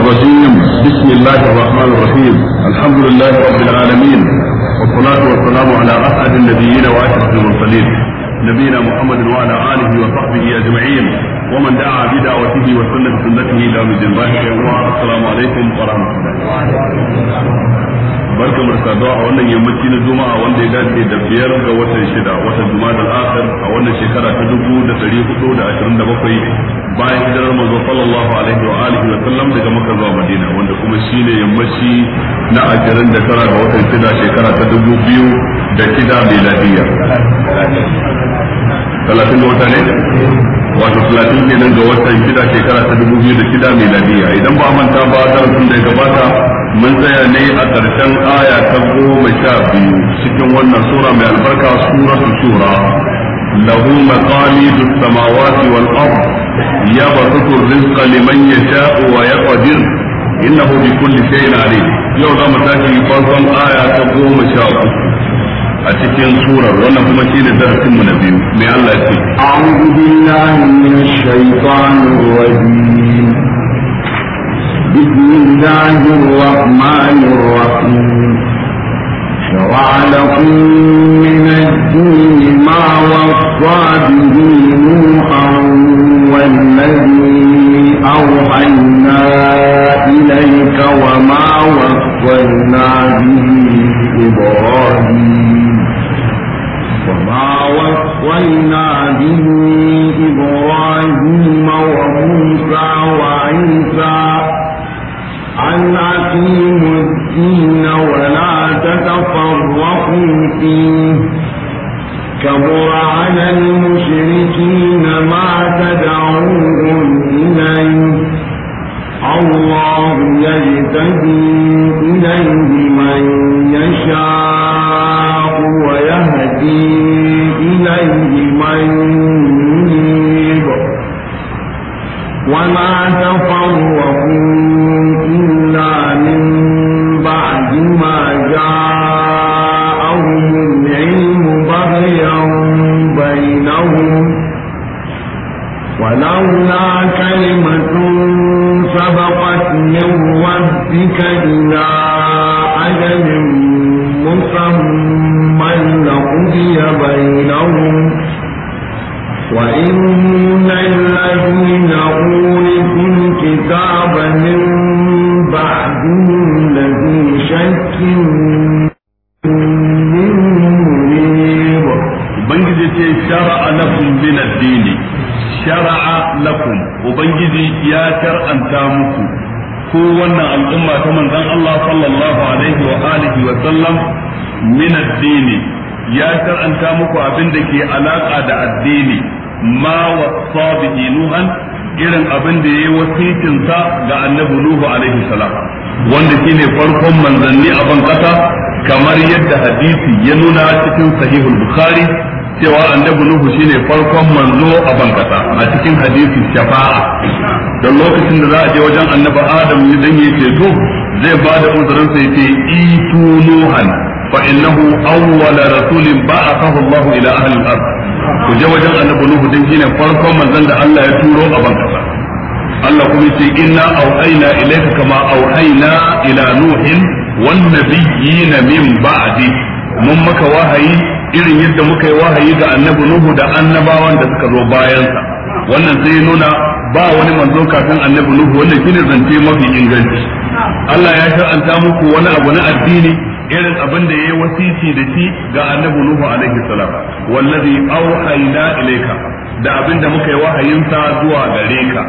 الرجيم بسم الله الرحمن الرحيم الحمد لله رب العالمين والصلاة والسلام على أسعد النبيين وأشرف المرسلين نبينا محمد وعلى آله وصحبه أجمعين ومن دعا بدعوته وسن بسنته إلى مجد الله السلام عليكم ورحمة الله barka mu saduwa a wannan yammaci na juma'a wanda ya dace da biyar ga watan shida watan juma'a akhir a wannan shekara ta dubu da dari hudu da ashirin da bakwai bayan hijirar manzo sallallahu alaihi wa alihi wa sallam daga Makka zuwa Madina wanda kuma shine yammaci na tara ga watan shida shekara ta dubu biyu da shida miladiyya talatin ga wata ne wato ke nan ga watan shida shekara ta dubu biyu da shida miladiyya idan ba manta ba darasin da ya gabata mun tsaya ne a ƙarshen aya ta goma sha biyu cikin wannan sura mai albarka suratul shura lahu maqalidus samawati wal ard يبسط الرزق لمن يشاء ويقدر إنه بكل شيء عليم يوم ذا متاكي فرصم آية تقوم شاء أتكين سورة وانا مشين شيء من نبيه من الله يقول أعوذ بالله من الشيطان الرجيم بسم الله الرحمن الرحيم شرع لكم من الدين ما وصى به نوحا الذي أوحينا إليك وما وصينا به إبراهيم وما وصينا به إبراهيم وموسى وعيسى أن أقيموا الدين ولا تتفرقوا فيه كبر على المشركين ما يهتدي إليه من يشاء ويهدي إليه من ينيب وما تفرقوا إلا من بعد ما جاءهم العلم بغيا بينهم ولولا إلى أجل مسمى لقضي بينهم وإن الذين أورثوا الكتاب من بعدهم لفي شك Ubangiji ce shara'a lakum min addini shara'a lakum Ubangiji ya shar'anta muku ko wannan al'umma ta manzon Allah sallallahu alaihi wa alihi wa sallam min addini ya shar'anta muku abin da ke alaka da addini ma wasa bihi nuhan irin abin da yayi wasitin sa ga annabi nuhu alaihi salam wanda shine farkon manzanni a ban kasa kamar yadda hadisi ya nuna cikin sahihul bukhari cewa annabi nuhu shine farkon manzo a bankasa a cikin hadisin shafa'a don lokacin da za a je wajen annabi adam dan yi ceto zai ba da uzurin sai ce itu nuhan fa innahu awwala rasulin ba'athahu Allah ila ahli al-ard ku je wajen annabi nuhu din shine farkon manzon da Allah ya turo a bankasa Allah kuma ce inna auhayna ilayka kama auhayna ila nuhin wan nabiyyin min ba'di mun maka wahayi irin yadda muka yi wahayi ga annabi nuhu da annabawan da suka zo bayansa wannan zai nuna ba wani manzo kafin annabi nuhu wannan shine zance mafi inganci Allah ya shar'anta muku wani abu na addini irin abin da yayi wasiti da shi ga annabi nuhu alaihi salam wallazi auhayna ilayka da abin da muka yi wahayin sa zuwa gare ka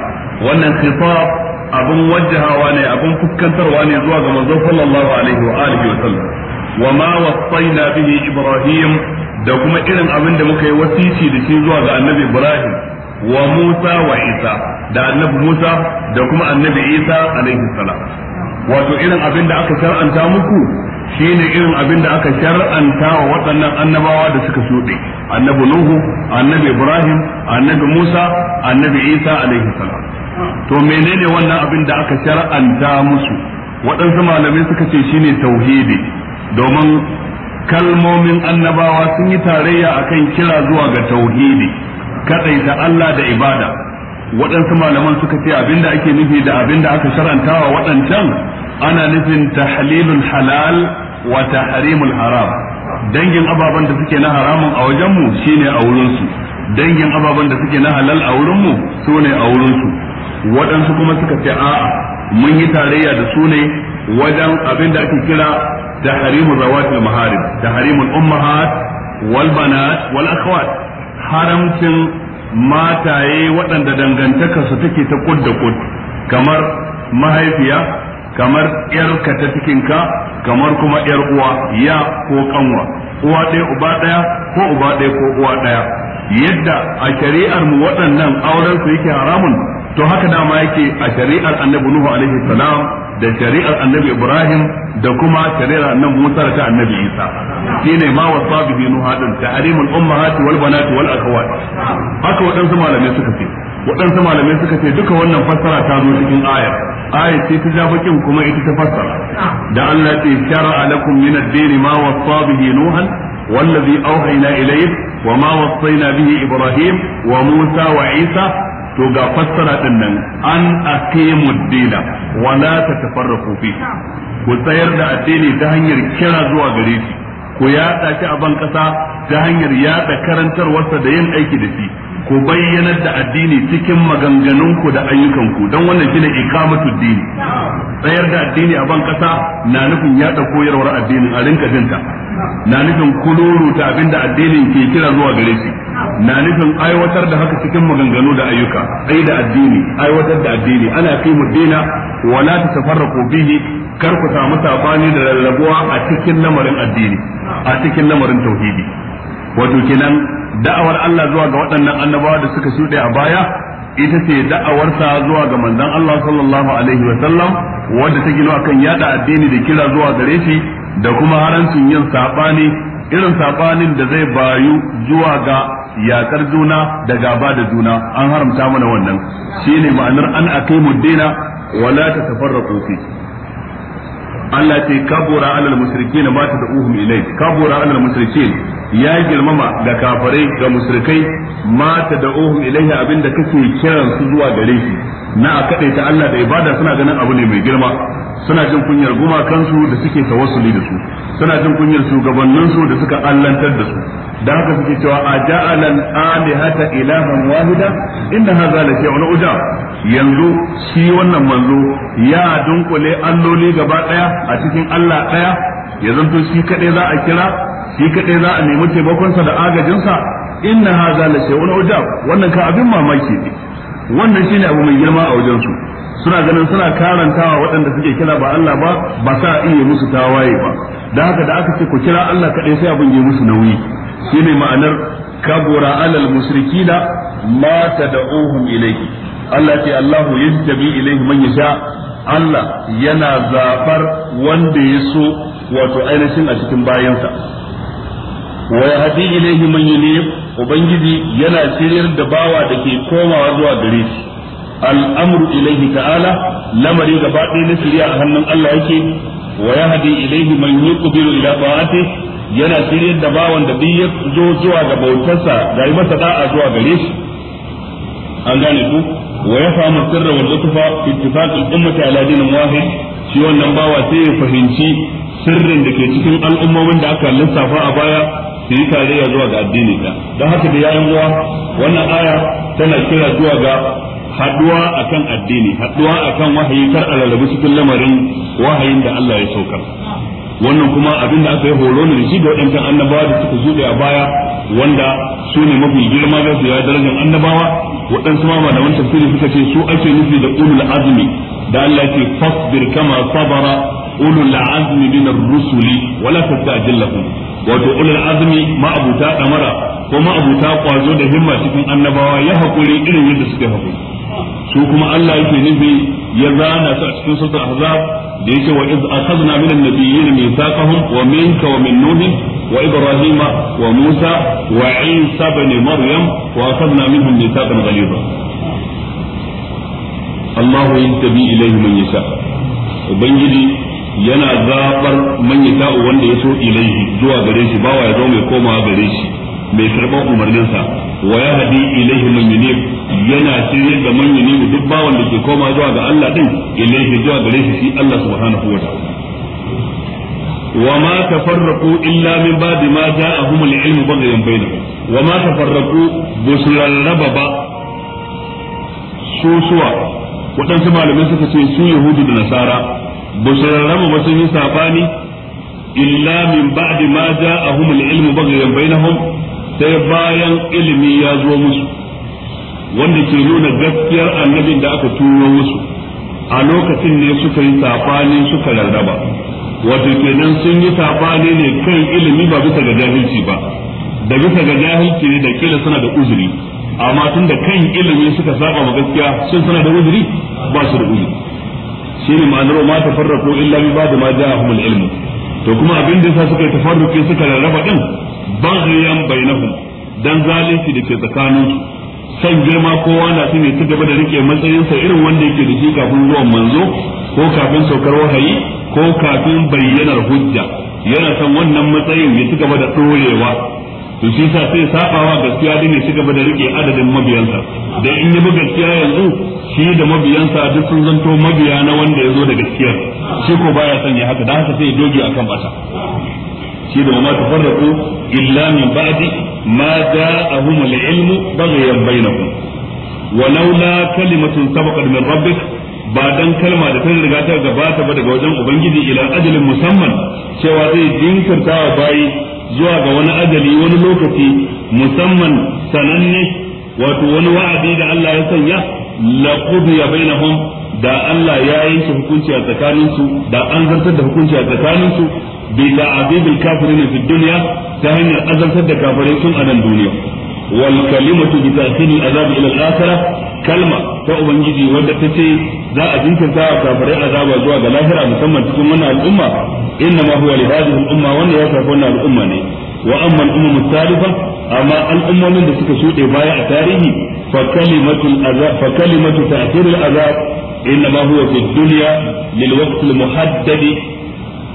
wannan khitab abin wajahawa ne abin fuskantarwa ne zuwa ga manzo sallallahu alaihi wa alihi wa sallam wa ma wasaina bihi ibrahim da kuma irin abin da muka yi wasici da shi zuwa ga annabi ibrahim wa musa wa isa da annabi musa da kuma annabi isa alaihi salam wato irin abin da aka shar'anta muku shine irin abin da aka shar'anta wa waɗannan annabawa da suka shuɗe annabi nuhu annabi ibrahim annabi musa annabi isa alaihi salam to menene wannan abin da aka shar'anta musu waɗansu malamai suka ce shine tauhidi domin kalmomin annabawa sun yi tarayya akan kira zuwa ga tauhidi kadaita Allah da ibada waɗansu malaman suka ce abinda ake nufi da abinda aka sharanta wa waɗancan ana nufin tahlilul halal wa tahrimul haram dangin ababen da suke na haramun a wajenmu shine a wurinsu dangin ababen da suke na halal a wurinmu su ne a wurinsu waɗansu kuma suka ce a'a mun yi tarayya da su ne wajen abin da ake kira da ذوات da Harimu الأمهات والبنات Walakwat haramcin mataye waɗanda dangantakarsu take ta kud da kud kamar mahaifiya kamar yarka cikinka kamar kuma yar uwa ya ko kanwa uwa ɗaya uba ɗaya ko uwa ɗaya yadda a shari'ar mu waɗannan auren su yake haramun to haka dama yake a shari'ar annabi nuhu alaihi salam da shari'ar annabi ibrahim da kuma shari'ar annabi musa da ta annabi isa shine ma wasa bihi nuhadin ta'limul ummahat wal banat wal akhawat haka waɗansu malamai suka ce waɗansu malamai suka ce duka wannan fassara ta zo cikin aya aya ce ta ja bakin kuma ita ta fassara da Allah ce shar'a lakum min ad-din ma wasa bihi nuhan والذي أوحينا إليه وما وصينا به إبراهيم وموسى وعيسى to ga fassara din nan an aqimu dina wa la tatafarraqu fi ku tsayar da addini ta hanyar kira zuwa gare shi ku yaɗa shi a ban kasa ta hanyar yaɗa karantarwarsa da yin aiki da shi ku bayyanar da addini cikin maganganunku da ayyukanku dan wannan shine ikamatu dini tsayar da addini a ban kasa na nufin yaɗa koyarwar addinin a rinka jinta na nufin kuluru ta abinda addinin ke kira zuwa gare shi na nufin aiwatar da haka cikin maganganu da ayyuka Ai da addini aiwatar da addini ana mu dina wala ta tatafarraqu bihi kar ku samu sabani da rarrabuwa a cikin lamarin addini a cikin lamarin tauhidi wato kenan da'awar Allah zuwa ga waɗannan annabawa da suka shuɗe a baya ita ce da'awarsa zuwa ga manzon Allah sallallahu alaihi wa sallam wanda ta gino akan yada addini da kira zuwa gare shi da kuma harancin yin sabani irin sabanin da zai bayu zuwa ga yakar juna da gaba da juna an haramta mana wannan shine ma'anar an aqimu dina wa la tatafarraqu fi Allah ce kabura alal musyrikin ma tad'uhum ilayk kabura alal musyrikin ya girmama ga kafirai ga musyrikai ma tad'uhum ilayhi abinda kake kiran su zuwa gare shi na a ta Allah da ibada suna ganin abu ne mai girma suna jin kunyar gumakansu da suke tawassuli da su suna jin kunyar shugabanninsu da suka allantar da su da haka suke cewa a ja'ala al-alihata ilahan wahida inna hadha la shay'un uja yanzu shi wannan manzo ya dunkule alloli gaba daya a cikin Allah daya Yanzu to shi kadai za a kira shi kadai za a nemi taimakonsa da agajinsa inna hadha la shay'un uja wannan ka abin mamaki ne wannan shine abu mai girma a wajen su suna ganin suna karantawa waɗanda suke kira ba Allah ba ba sa iya musu tawaye ba da haka da aka ce ku kira Allah kadai sai abin ya musu nauyi shine ma'anar kabura alal musrikina ma tad'uhum ilayhi Allah ce Allahu yajtabi ilayhi man yasha Allah yana zafar wanda ya so wato ainihin a cikin bayansa wa yahdi ilayhi man ne ubangiji yana shiryar da bawa da ke komawa zuwa gare shi al'amru ilayhi ta'ala lamari gaba ɗaya na shirya a hannun Allah yake wa yahdi ilayhi man yuqbilu ila ba'ati yana shirin da bawan da duk ya zo zuwa ga bautarsa ga yi masa da'a zuwa gare shi an gane ku wa ya fahimu sirra wal lutfa ittifaqul ummati ala dinin wahid shi wannan bawa sai ya fahimci sirrin da ke cikin al'ummomin da aka lissafa a baya su yi tarayya zuwa ga addini da don haka da yayin uwa wannan aya tana kira zuwa ga haduwa akan addini haduwa akan wahayi kar a cikin lamarin wahayin da Allah ya saukar wannan kuma abinda aka yi horo ne da shi da waɗancan annabawa da suka zuɗe a baya wanda su ne mafi girma za su yawa darajar annabawa waɗansu ma malaman tafsiri suka ce su ake nufi da ulul azumi da Allah ke fasbir kama sabara ulul azmi min ar-rusuli wala tastajil wato ulul azumi ma abuta damara ko ma abuta kwazo da himma cikin annabawa ya hakuri irin yadda suke hakuri su kuma Allah yake nufi ya zana su a cikin sassan ahzab da yake wa iz akhadna min an-nabiyyin mithaqahum wa minka wa min nuh wa ibrahim wa musa wa isa ibn maryam wa akhadna minhum mithaqan ghalidha Allahu yantabi ilayhi man yasha ubangiji yana zabar man yasha wanda ya so ilaihi zuwa gare shi bawa ya zo mai komawa gare shi mai karban umarninsa wa ya hadi ilaihi man yunib yana shirye da man yunib duk bawan da ke koma zuwa ga Allah din ilaihi zuwa gare shi shi Allah subhanahu wa ma ta'ala وما تفرقوا إلا من بعد ما جاءهم العلم بغيا بينهم وما تفرقوا بسر الربب سوسوا waɗansu malamai suka ce su yahudu da nasara ba su ba sun yi sabani illa min ba'di ma ja'ahum al-ilm baghyan bainahum sai bayan ilimi ya zo musu wanda ke nuna gaskiyar annabin da aka turo musu a lokacin ne suka yi tafani suka rarraba wato kenan sun yi tafani ne kan ilimi ba bisa ga jahilci ba da bisa ga jahilci ne da kila suna da uzuri amma tun da kan ilimi suka saba ma gaskiya sun suna da uzuri ba su da uzuri ne ma'anar ma tafarraqu illa bi da ma a al to kuma abin da yasa suka yi tafarruqi suka rarraba din baghyan bainahum dan zalunci da ke su san girma kowa na shi ne gaba da rike sa irin wanda yake da shi kafin zuwan manzo ko kafin saukar wahayi ko kafin bayyanar hujja yana san wannan matsayin ya ci gaba da ɗorewa to shi sa sai sabawa gaskiya din ya ci gaba da rike adadin mabiyansa da in yi gaskiya yanzu shi da mabiyansa duk sun zanto mabiya na wanda ya zo da gaskiyar shi ko baya son ya haka da haka sai ya doge akan bata shi da mamata tafarraku illa min ba'di ma ja'ahum al-ilmu baghyan bainahum ba dan kalma da ta riga ta gabata ba daga wajen ubangiji ila ajalin musamman cewa zai jinkirta bayi zuwa ga wani ajali wani lokaci musamman sananne wato wani da Allah ya sanya da Allah ya yanke hukunci a tsakaninsu da an zartar da hukunci a tsakaninsu bi ta'abibil kafirin fi dunya ta hanyar azartar da kafirai tun a nan duniya wal kalimatu bi ta'khiri azab ila al-akhirah kalma ta ubangiji wanda ta ce za a jinkirta wa kafirai azaba zuwa ga lahira musamman cikin wannan al'umma inna ma huwa li hadhihi al-umma wannan ya shafi wannan al'umma ne wa amma al-ummu mustalifa amma al'ummomin da suka shuɗe baya a tarihi fa kalimatu fa kalimatu al-azab إنما هو في الدنيا للوقت المحدد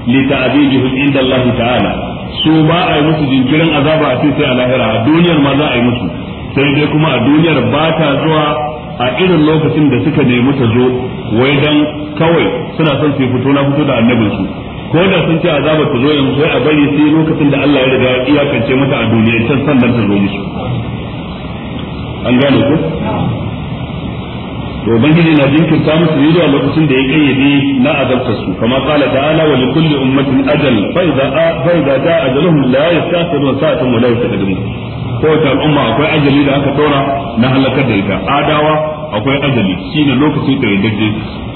لتعذيبهم عند الله تعالى su ba a yi musu jinkirin azaba a ce sai a lahira a duniyar ma za a yi musu sai dai kuma a duniyar ba ta zuwa a irin lokacin da suka nemi ta zo wai dan kawai suna son su fito na fito da annabin ko da sun ce azaba ta zo yanzu sai a bari sai lokacin da Allah ya riga ya iyakance mata a duniyar can sannan ta zo musu an gane ku to ubangiji na jinkirta musu ne zuwa lokacin da ya kayyade na azabta su kama kala qala ta'ala wa likulli ummatin ajal fa idza fa idza jaa ajaluhum la yastakhiruna sa'atan wa la ko kowace al'umma akwai ajali da aka tora na halakar da ita adawa akwai ajali ne lokacin da ya dace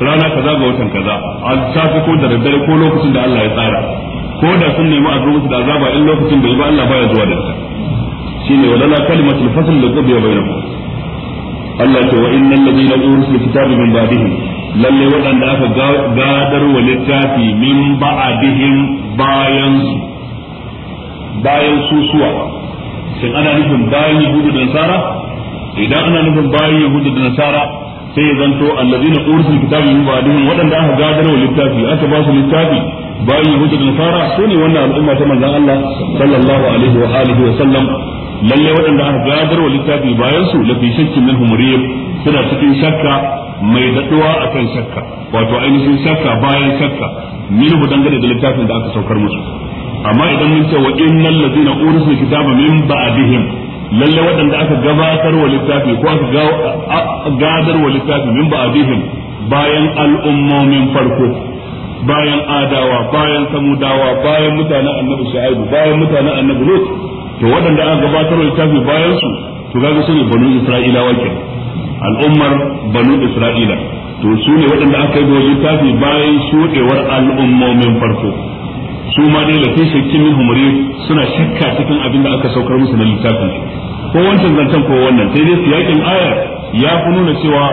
rana kaza ga watan kaza a safi ko da daddare ko lokacin da Allah ya tsara ko da sun nemi a zuwa da azaba in lokacin da ya ba Allah baya zuwa da ita shine walala kalimatul fasl da qabiya bainakum Allah ce wa innal ladina urisul kitaba min ba'dihim lalle waɗanda aka gadar wa littafi min ba'dihim bayan bayan susuwa shin ana nufin bayan yahudu da nasara idan ana nufin bayan yahudu da nasara sai ya zanto alladina urisul kitaba min ba'dihim waɗanda aka gadar wa littafi aka ba su littafi bayan yahudu da nasara sune wannan al'umma ta manzon Allah sallallahu alaihi wa alihi wa sallam lalle waɗanda aka gadar wa littafi bayan su lafi shakkin min humuriyar suna cikin shakka mai daɗuwa a kan shakka wato ainihin shakka bayan shakka min hu dangane da littafin da aka saukar musu amma idan mun ce wa innal ladina urisul kitaba min ba'dihim lalle waɗanda aka gabatar wa littafi ko aka gadar wa littafi min ba'dihim bayan al'ummomin farko bayan adawa bayan samudawa bayan mutanen annabi shu'aibu bayan mutanen annabi lut to waɗanda aka gabatar da littafi bayan su to kaga su ne banu isra'ilawa ke al'ummar banu isra'ila to su ne waɗanda aka yi da littafi bayan shuɗewar al'ummomin farko su ma dai lafi shakkin min humuri suna shakka cikin abin da aka saukar musu na littafin ko wancan zancen ko wannan sai dai siyakin ayar ya fi nuna cewa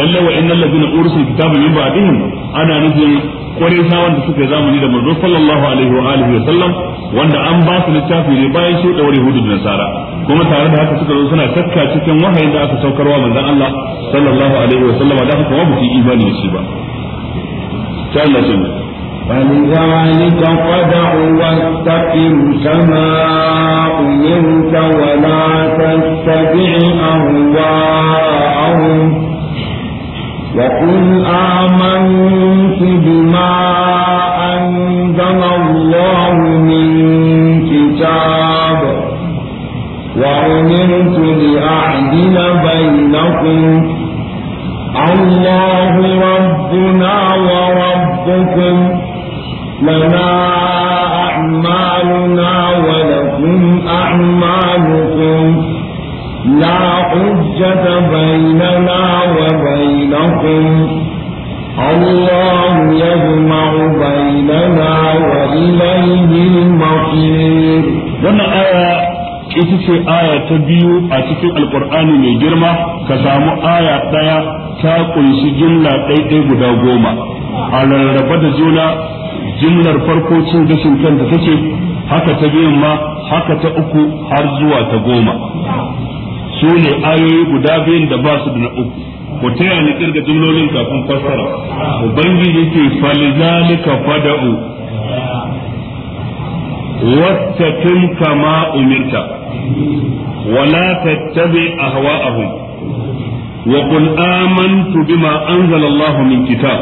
lallai wa innal ladina ursul kitaba min ba'dihim ana nufin qurayshawan da suka yi zamani da manzo sallallahu alaihi wa alihi wa sallam wanda an ba su littafi ne bayan wani yahudu da nasara kuma tare da haka suka zo suna shakka cikin wahayin da aka saukarwa manzon Allah sallallahu alaihi wa sallama da haka ba su imani da shi ba ta Allah sunna فلذلك قدع واستقم كما أمرت ولا تتبع أهواءهم وقل آمنت بما أنزل الله من كتاب وأمرت لأعدل بينكم الله ربنا وربكم لنا أعمالنا ولكم أعمالكم لا أجل الحجة بيننا وبينكم الله يجمع بيننا وإليه المصير wannan aya ita ce aya ta biyu a cikin alkur'ani mai girma ka samu aya ɗaya ta kunshi jumla ɗaiɗai guda goma a rarraba da juna jumlar farko cin gashin kanta take haka ta biyun ma haka ta uku har zuwa ta goma su ne ayoyi guda biyun da ba su da na uku ku taya ni kirga jumlolin kafin fassara ubangiji ce falizalika fada'u wattaqim kama umirta wala tattabi ahwa'ahum wa qul amantu bima anzalallahu min kitab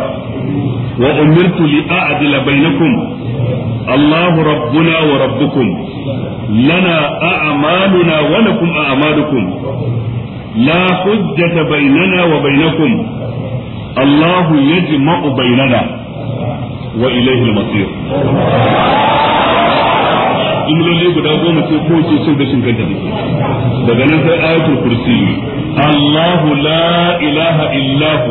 wa umirtu li a'dila bainakum Allahu rabbuna wa rabbukum lana a'maluna wa lakum a'malukum la hujjata bainana wa bainakum Allahu yajma'u bainana wa masir guda goma ce ko ce cin gashin daga nan sai ayatul kursi Allahu la ilaha illahu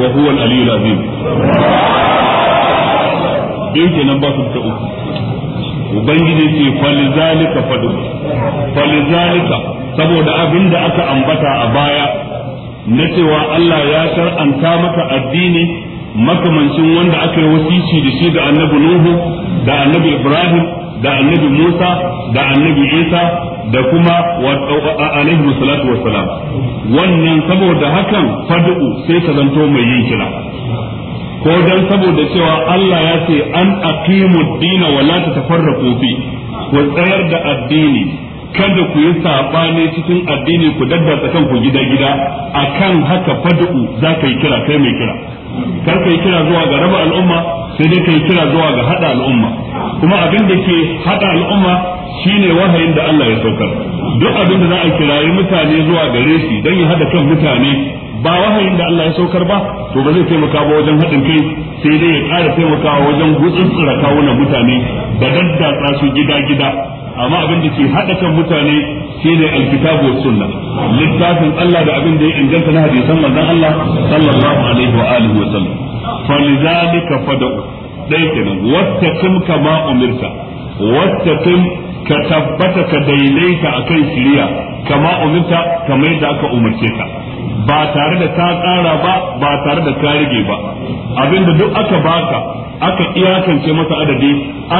wa huwa al-aliyyul azim dai kenan ba su da ubangiji ce falizalika fadu falizalika saboda abin da aka ambata a baya na cewa Allah ya shar'anta maka addini makamancin wanda aka yi wasici da shi da annabi Nuhu da annabi Ibrahim da annabi Musa da annabi Isa da kuma alaihi salatu wa salam. wannan saboda hakan fad'u sai ka zanto mai yin kira ko dan saboda cewa Allah ya ce an aqimu ad-dina wa la tatafarraqu fi ku tsayar da addini kada ku yi saɓani cikin addini ku daddasa ku gida-gida akan kan haka fadu'u za ka yi kira kai mai kira kar ka yi kira zuwa ga raba al'umma sai dai ka yi kira zuwa ga haɗa al'umma kuma abin da ke haɗa al'umma shine wahayin da Allah ya saukar duk abin da za a kirayi mutane zuwa gare shi dan ya hada kan mutane ba wahayin da Allah ya saukar ba to ba zai taimaka ba wajen haɗin kai sai dai ya kara taimakawa wajen gutsutsura kawunan mutane da daddasa su gida-gida amma abin da ke hada kan mutane shine alkitabu wa sunna littafin Allah da abin da ya inganta na hadisan manzon Allah sallallahu alaihi wa alihi wa sallam falizalika fad'u dai kenan wattaqim kama umirta wattaqim ka tabbata ka daidaita akan shiriya kama umirta kamar yadda aka umarce ka ba tare da ta tsara ba ba tare da ka rige ba abinda duk aka baka aka iyakance masa adadi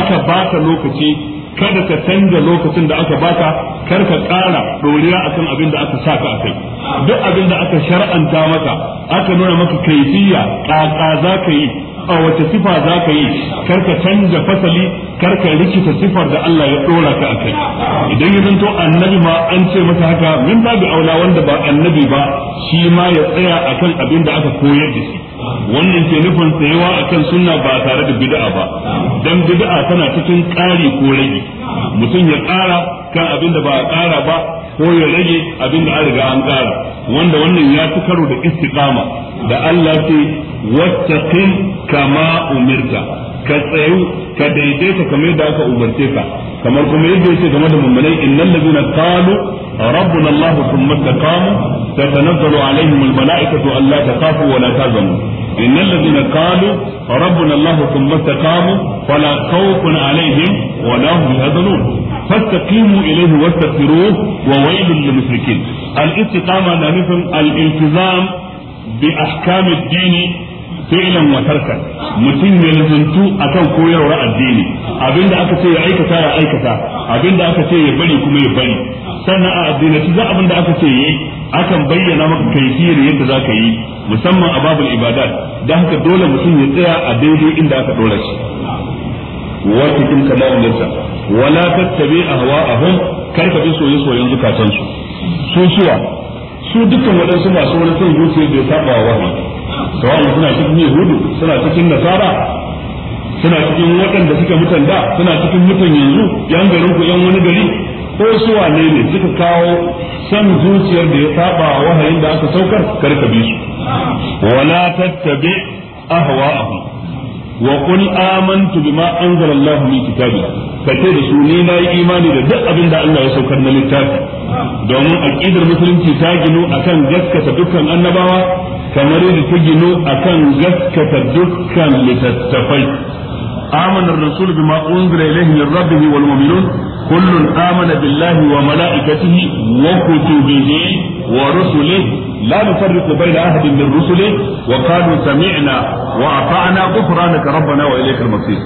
aka baka lokaci kada ka canza lokacin da aka baka kar ka ƙara ɗoriya akan abin da aka saka a kai duk abin da aka shar'anta maka aka nuna maka kaifiya ƙaƙa za ka yi a wace sifa za ka yi kar ka canza fasali kar ka rikita sifar da Allah ya ɗora ka a kai idan ya zanto annabi ma an ce masa haka min babu aula wanda ba annabi ba shi ma ya tsaya akan abin da aka koyar da shi wannan ke nufin tsayawa kan sunna ba tare da bid'a ba dan bid'a tana cikin ƙari ko rage mutum ya ƙara kan abin da ba a ƙara ba ko ya rage abin da an an ƙara wanda wannan ya fi karo da istiqama da Allah ce wattaqin kama umirta ka tsayu ka daidaita kamar yadda aka umarce ka kamar kuma yadda yake game da mummunai innal ladina qalu rabbuna allah thumma taqamu tatanazzalu alaihim al malaikatu alla taqafu wa la tahzanu innal ladina qalu rabbuna allah thumma taqamu fala khawfun alaihim wa la hum yahzanun فاستقيموا اليه واستغفروه وويل للمشركين الاستقامه لا نفهم الالتزام باحكام الدين fi'lan wa tarkan mutum ya lizantu akan koyarwar addini abinda aka ce ya aikata ya aikata abinda aka ce ya bari kuma ya bari sannan a addinance za abinda aka ce yi akan bayyana maka kaifiyar yadda za ka yi musamman a babul ibadat don haka dole mutum ya tsaya a daidai inda aka dora shi wa cikin kalamunsa wala tattabi ahwa'ahum kar ka bi soyayya zukatansu su suwa su dukkan wadansu masu wani son zuciya da ya saba wa sawa'un suna cikin yahudu suna cikin nasara suna cikin waɗanda suka mutan da suna cikin mutan yanzu yan garin ku yan wani gari ko su wane ne suka kawo san zuciyar da ya saba wahayin da aka saukar karka bi su wala tattabi ahwa'ahum wa qul amantu bima anzala Allah min kitabi kace da su ni na yi imani da duk abin da Allah ya saukar na littafi domin aqidar musulunci ta ginu akan gaskata dukkan annabawa kamar yadda ta ginu akan gaskata dukkan littattafai آمن الرسول بما أنزل إليه من ربه والمؤمنون kullun amana billahi wa mala'ikatihi wa kutubihi wa rusulihi لا نفرق بين أحد من رسله وقالوا سمعنا وأطعنا غفرانك ربنا وإليك المصير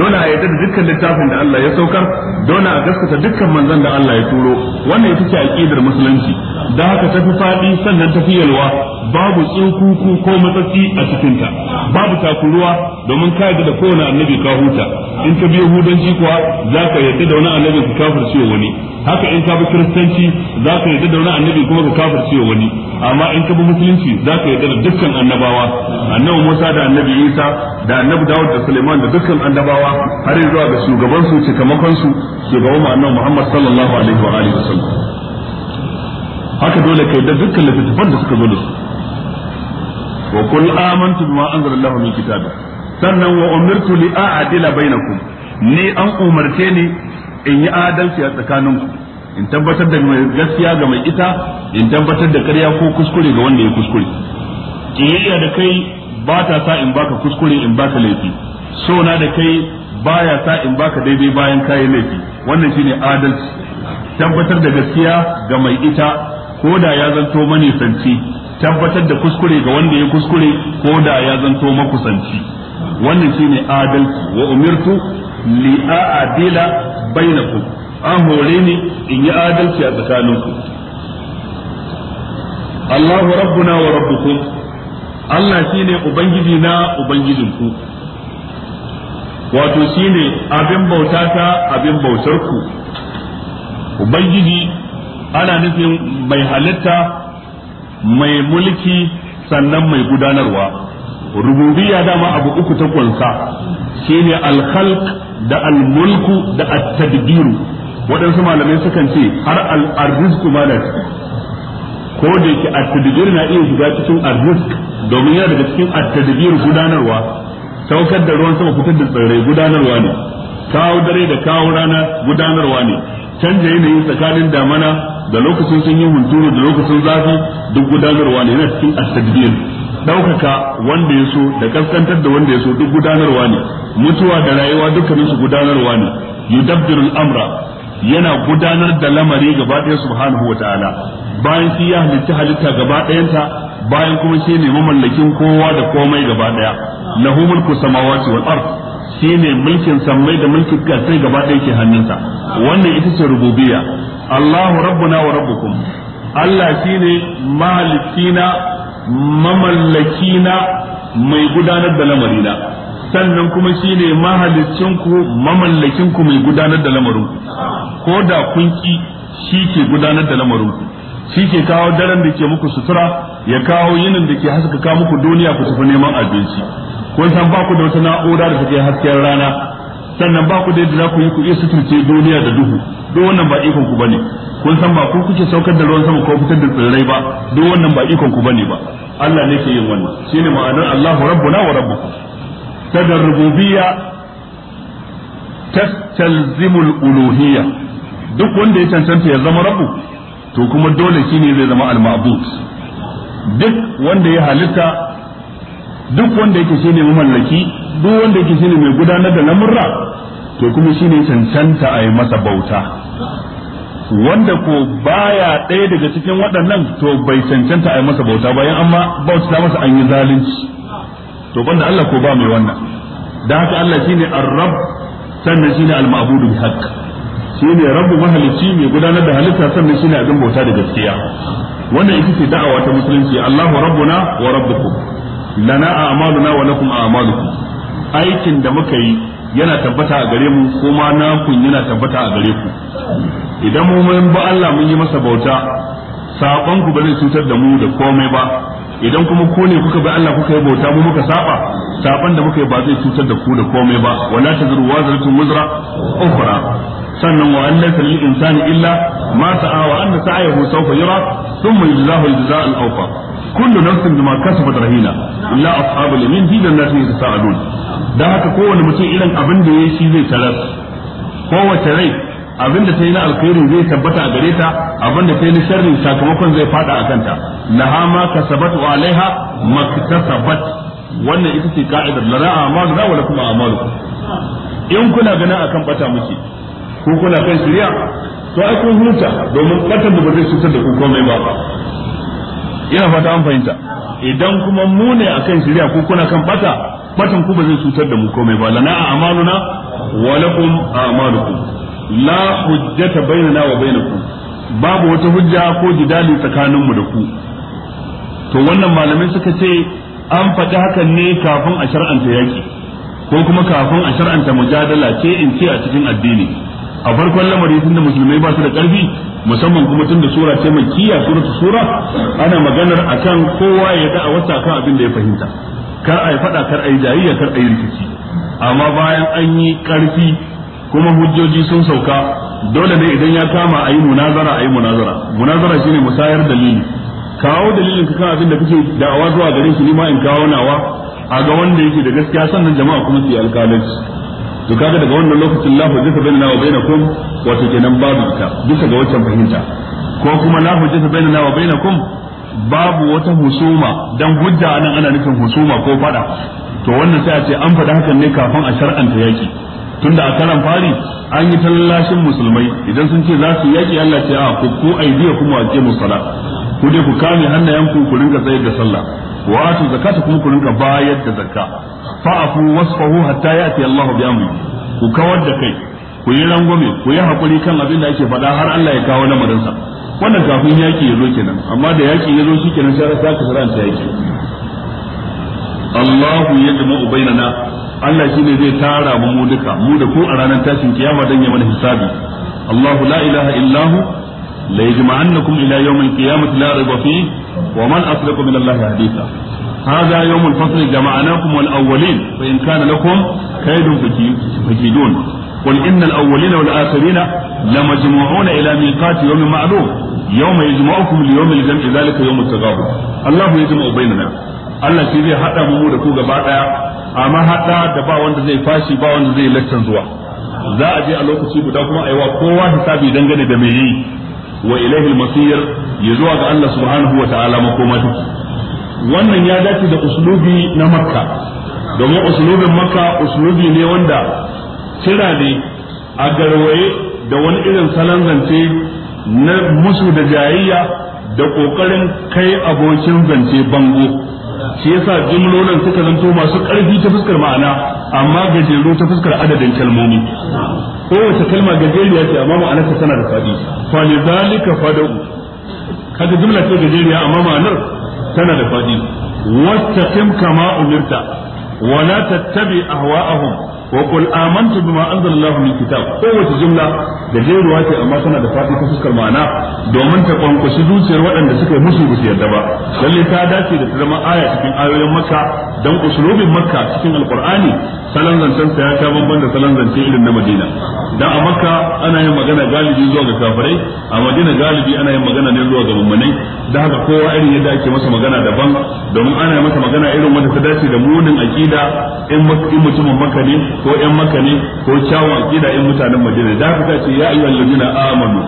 dole a yarda da dukkan littafin da Allah ya saukar dole a gaskata dukkan manzon da Allah ya turo wannan ita ce aqidar musulunci da haka ta fi fadi sannan ta fi yalwa babu tsinkuku ko matsatsi a cikin ta babu takuruwa domin ka yarda da kowane annabi ka huta in ka biyo hudanci kuwa zaka yarda da wani annabi ka kafirce wani haka in ka bi kiristanci za ka yarda da wani annabi kuma ka kafirce wa wani amma in ka bi musulunci za ka yarda da dukkan annabawa annabi Musa da annabi Isa da annabi Dawud da Sulaiman da dukkan annabawa har zuwa ga shugaban su cikamakon su shugaban mu annabi Muhammad sallallahu alaihi wa alihi wasallam haka dole ka yarda dukkan littattafan da suka zo da su wa qul amantu bima anzalallahu min kitab sannan wa umirtu li a'dila bainakum ni an umarce ni in yi adalci a tsakanin ku in tabbatar da mai gaskiya ga mai ita in tabbatar da ƙarya ko kuskure ga wanda ya kuskure kiyayya da kai ba ta sa in baka kuskure in baka laifi so na da kai baya sa in baka daidai bayan kayi laifi wannan shine adalci tabbatar da gaskiya ga mai ita ko da ya zanto manisanci tabbatar da kuskure ga wanda ya kuskure ko da ya zanto makusanci wannan shine adalci wa umirtu li a'dila bainakum an hore ni in yi adalci a tsakaninku Allahu rabbuna wa rabbukum Allah shine ubangiji na ubangijinku wato shine abin bauta ta abin bautar ku ubangiji ana nufin mai halitta mai mulki sannan mai gudanarwa rububiyya dama abu uku ta kunsa shine al-khalq da al-mulku da at waɗansu malamai sukan ce har al-rizqu ma ko da yake at-tadbir na iya shiga cikin ar domin yana daga cikin at-tadbir gudanarwa saukar da ruwan sama fitar da tsirrai gudanarwa ne kawo dare da kawo rana gudanarwa ne canja yanayin tsakanin damana da lokacin sun yi hunturu da lokacin zafi duk gudanarwa ne na cikin at-tadbir ɗaukaka wanda ya so da kaskantar da wanda ya so duk gudanarwa ne mutuwa da rayuwa dukkanin su gudanarwa ne yudabbiru al-amra yana gudanar da lamari gaba ɗaya subhanahu wataala bayan shi ya halitta halitta gaba ɗayanta bayan kuma shi ne mamallakin kowa da komai gaba ɗaya lahu mulku samawati wal ard shi ne mulkin sammai da mulkin kasa gaba ɗaya ke hannunsa wannan ita ce rububiyya Allahu rabbuna wa rabbukum Allah shine mahalicina mamallakina mai gudanar da lamari na sannan kuma shine mahalicin ku mamallakin ku mai gudanar da lamarin ku ko da kun ki shi ke gudanar da lamarin ku shi ke kawo daren da ke muku sutura ya kawo yinin da ke haskaka muku duniya ku tafi neman abinci kun san ba ku da wata na'ura da take hasken rana sannan ba ku da yadda za ku yi ku iya suturce duniya da duhu duk wannan ba ikon ku bane kun san ba ku kuke saukar da ruwan sama ko fitar da tsirrai ba duk wannan ba ikon ku bane ba Allah ne ke yin wannan shine ma'anar Allahu rabbuna wa rabbukum tadar rububiyya tastalzimu al-uluhiyya duk wanda ya cancanta ya zama rabbu to kuma dole shine zai zama al-ma'bud duk wanda ya halitta duk wanda yake shine mamallaki duk wanda yake shine mai gudanar da lamurra to kuma shine cancanta a yi masa bauta wanda ko baya ɗaya daga cikin waɗannan to bai cancanta a yi masa bauta bayan amma bauta masa an yi zalunci to banda Allah ko ba mai wannan da haka Allah shine ar-rabb sannan shine al-ma'budu bi haqq shine rabbu mahalicci mai gudanar da halitta sannan shine abin bauta da gaskiya wannan ita ce da'awa ta musulunci Allahu rabbuna wa rabbukum lana a'maluna wa lakum a'malukum aikin da muka yi yana tabbata a gare mu kuma nakun yana tabbata a gare ku idan mu mun ba Allah mun yi masa bauta sabonku ku ba zai cutar da mu da komai ba idan kuma ku ne kuka bi Allah kuka yi bauta mu muka saba saban da muka yi ba zai cutar da ku da komai ba wala tazru wazratun wuzra ukhra sannan wa an lil insani illa ma sa'a wa anna sa'ayahu sawfa yura thumma yujzahu al-awfa kullu nafsin bima kasabat rahina illa ashabul yamin fi jannatin yatasaalun dan haka kowane mutum irin abin da ya shi zai tarar kowace rai abin da ta yi na alkhairin zai tabbata a gare ta abin da ta yi na sharrin sakamakon zai fada a kanta hama ma kasabat wa alaiha wannan ita ce ka'idar lana a'maluna wa kuma amalu. in kuna gana akan bata muke ko kuna kan shirya to ai kun huta domin batan da ba zai cutar da ku komai ba yana fata an fahimta idan kuma mu ne akan shirya ko kuna kan bata batan ku ba zai cutar da mu komai ba lana amaluna wa lakum amalukum la hujjata bainana wa bainakum babu wata hujja ko jidali mu da ku to wannan malamai suka ce an faɗi hakan ne kafin a shar'anta yaƙi ko kuma kafin a shar'anta mujadala ce in ce a cikin addini a farkon lamari tunda musulmai ba su da karfi musamman kuma tunda sura ce mai kiya ta sura ana maganar a kan kowa ya da a wata kan abin da ya fahimta kar ai fada kar a yi jayayya kar a yi rikici amma bayan an yi karfi kuma hujjoji sun sauka dole ne idan ya kama a yi munazara a yi munazara munazara shine musayar dalili kawo dalilin ka kan abin da kake da'awa zuwa garin shi ni ma in kawo nawa a ga wanda yake da gaskiya sannan jama'a kuma su yi alƙalanci to kaga daga wannan lokacin la hujjata bainana wa bainakum wato kenan babu ita duka ga wancan fahimta ko kuma la hujjata bainana wa bainakum babu wata husuma dan hujja anan ana nufin husuma ko fada to wannan sai a ce an faɗi hakan ne kafin a shar'anta yaki tunda a karan fari an yi tallashin musulmai idan sun ce za su yaki Allah ce a ku ku aidiya kuma a ke musala ku dai ku kame hannayen ku ku ringa tsayar da sallah wato zakata kuma ku ringa bayar da zakka fa'afu wasfahu hatta ya'ti Allahu bi amri ku kawar da kai ku yi rangwame ku yi hakuri kan abin da ake faɗa har Allah ya kawo lamarin sa wannan kafin yaki ya zo kenan amma da yaki ya zo shi kenan sai ka saranta yaki Allahu yajma'u bainana Allah shine zai tara mu mu duka mu da ku a ranar tashin kiyama dan ya mana hisabi Allahu la ilaha illa hu la yajma'annakum ila yawm al-qiyamati la rayba fihi wa man asdaqu min Allah hadisa. هذا يوم الفصل جمعناكم والأولين فإن كان لكم كيد فكيدون قل إن الأولين والآخرين لمجموعون إلى ميقات يوم معلوم يوم يجمعكم ليوم الجمع ذلك يوم التغابن الله يجمع بيننا Allah shi zai haɗa mu da ku gaba ɗaya amma haɗa da ba wanda zai fashi ba wanda zai lakcan zuwa za a je a lokaci guda kuma a yi wa kowa hisabi dangane da mai yi wa ilaihi masir ya zuwa ga Allah subhanahu wa ta'ala wannan ya dace da uslubi na makka domin uslubin makka uslubi ne wanda kira ne a garwaye da wani irin salon zance na musu da jayayya da kokarin kai abokin zance bango shi yasa jimlonan suka zanto masu karfi ta fuskar ma'ana amma gajeru ta fuskar adadin kalmomi kowace kalma gajeriya ce amma ma'anarta tana da faɗi fa li zalika fadau kaga jimla ce gajeriya amma ma'anar tana da fadi fim kama umirta wa a hawa ahwa'ahum wa qul amantu bima anzalallahu min kitab kowace jumla da jeruwa ce amma tana da fadi ta fuskar ma'ana domin ta kwankwashi zuciyar waɗanda suka yi musu bisu yadda ba lalle ta dace da ta zama aya cikin ayoyin makka don usulubin makka cikin alqur'ani salon zancen sa ya ta bamban da salon zance irin na Madina da a Makka ana yin magana galibi zuwa ga kafirai a Madina galibi ana yin magana ne zuwa ga mummunai da haka kowa irin yadda ake masa magana daban domin ana masa magana irin wanda ta dace da munin aqida in mutumin Makka ne ko ƴan Makka ne ko kyawun aqida in mutanen Madina da haka ce ya ayyuhal ladina amanu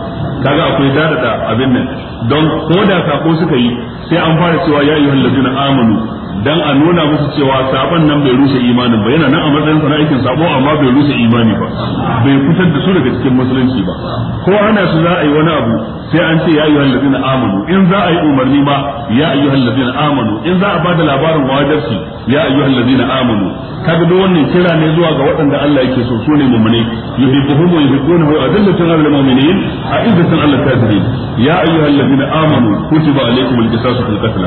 kaga akwai dadada abin nan don ko da sako suka yi sai an fara cewa ya ayyuhal ladina amanu dan a nuna musu cewa sabon nan bai rushe imanin ba yana nan a matsayin sana aikin sabo amma bai rushe imani ba bai fitar da su daga cikin musulunci ba ko ana su za a yi wani abu sai an ce ya ayyuhal ladina amanu in za a yi umarni ma ya ayyuhal ladina amanu in za a ba da labarin wajarci ya ayyuhal ladina amanu kaga duk wannan kira ne zuwa ga waɗanda Allah yake so sune mu'mini yuhibbuhum wa yuhibbunahu adillatun 'alal mu'minin a'izzatun 'alal kafirin ya ayyuhal ladina amanu kutiba alaykumul qisasu fil qatl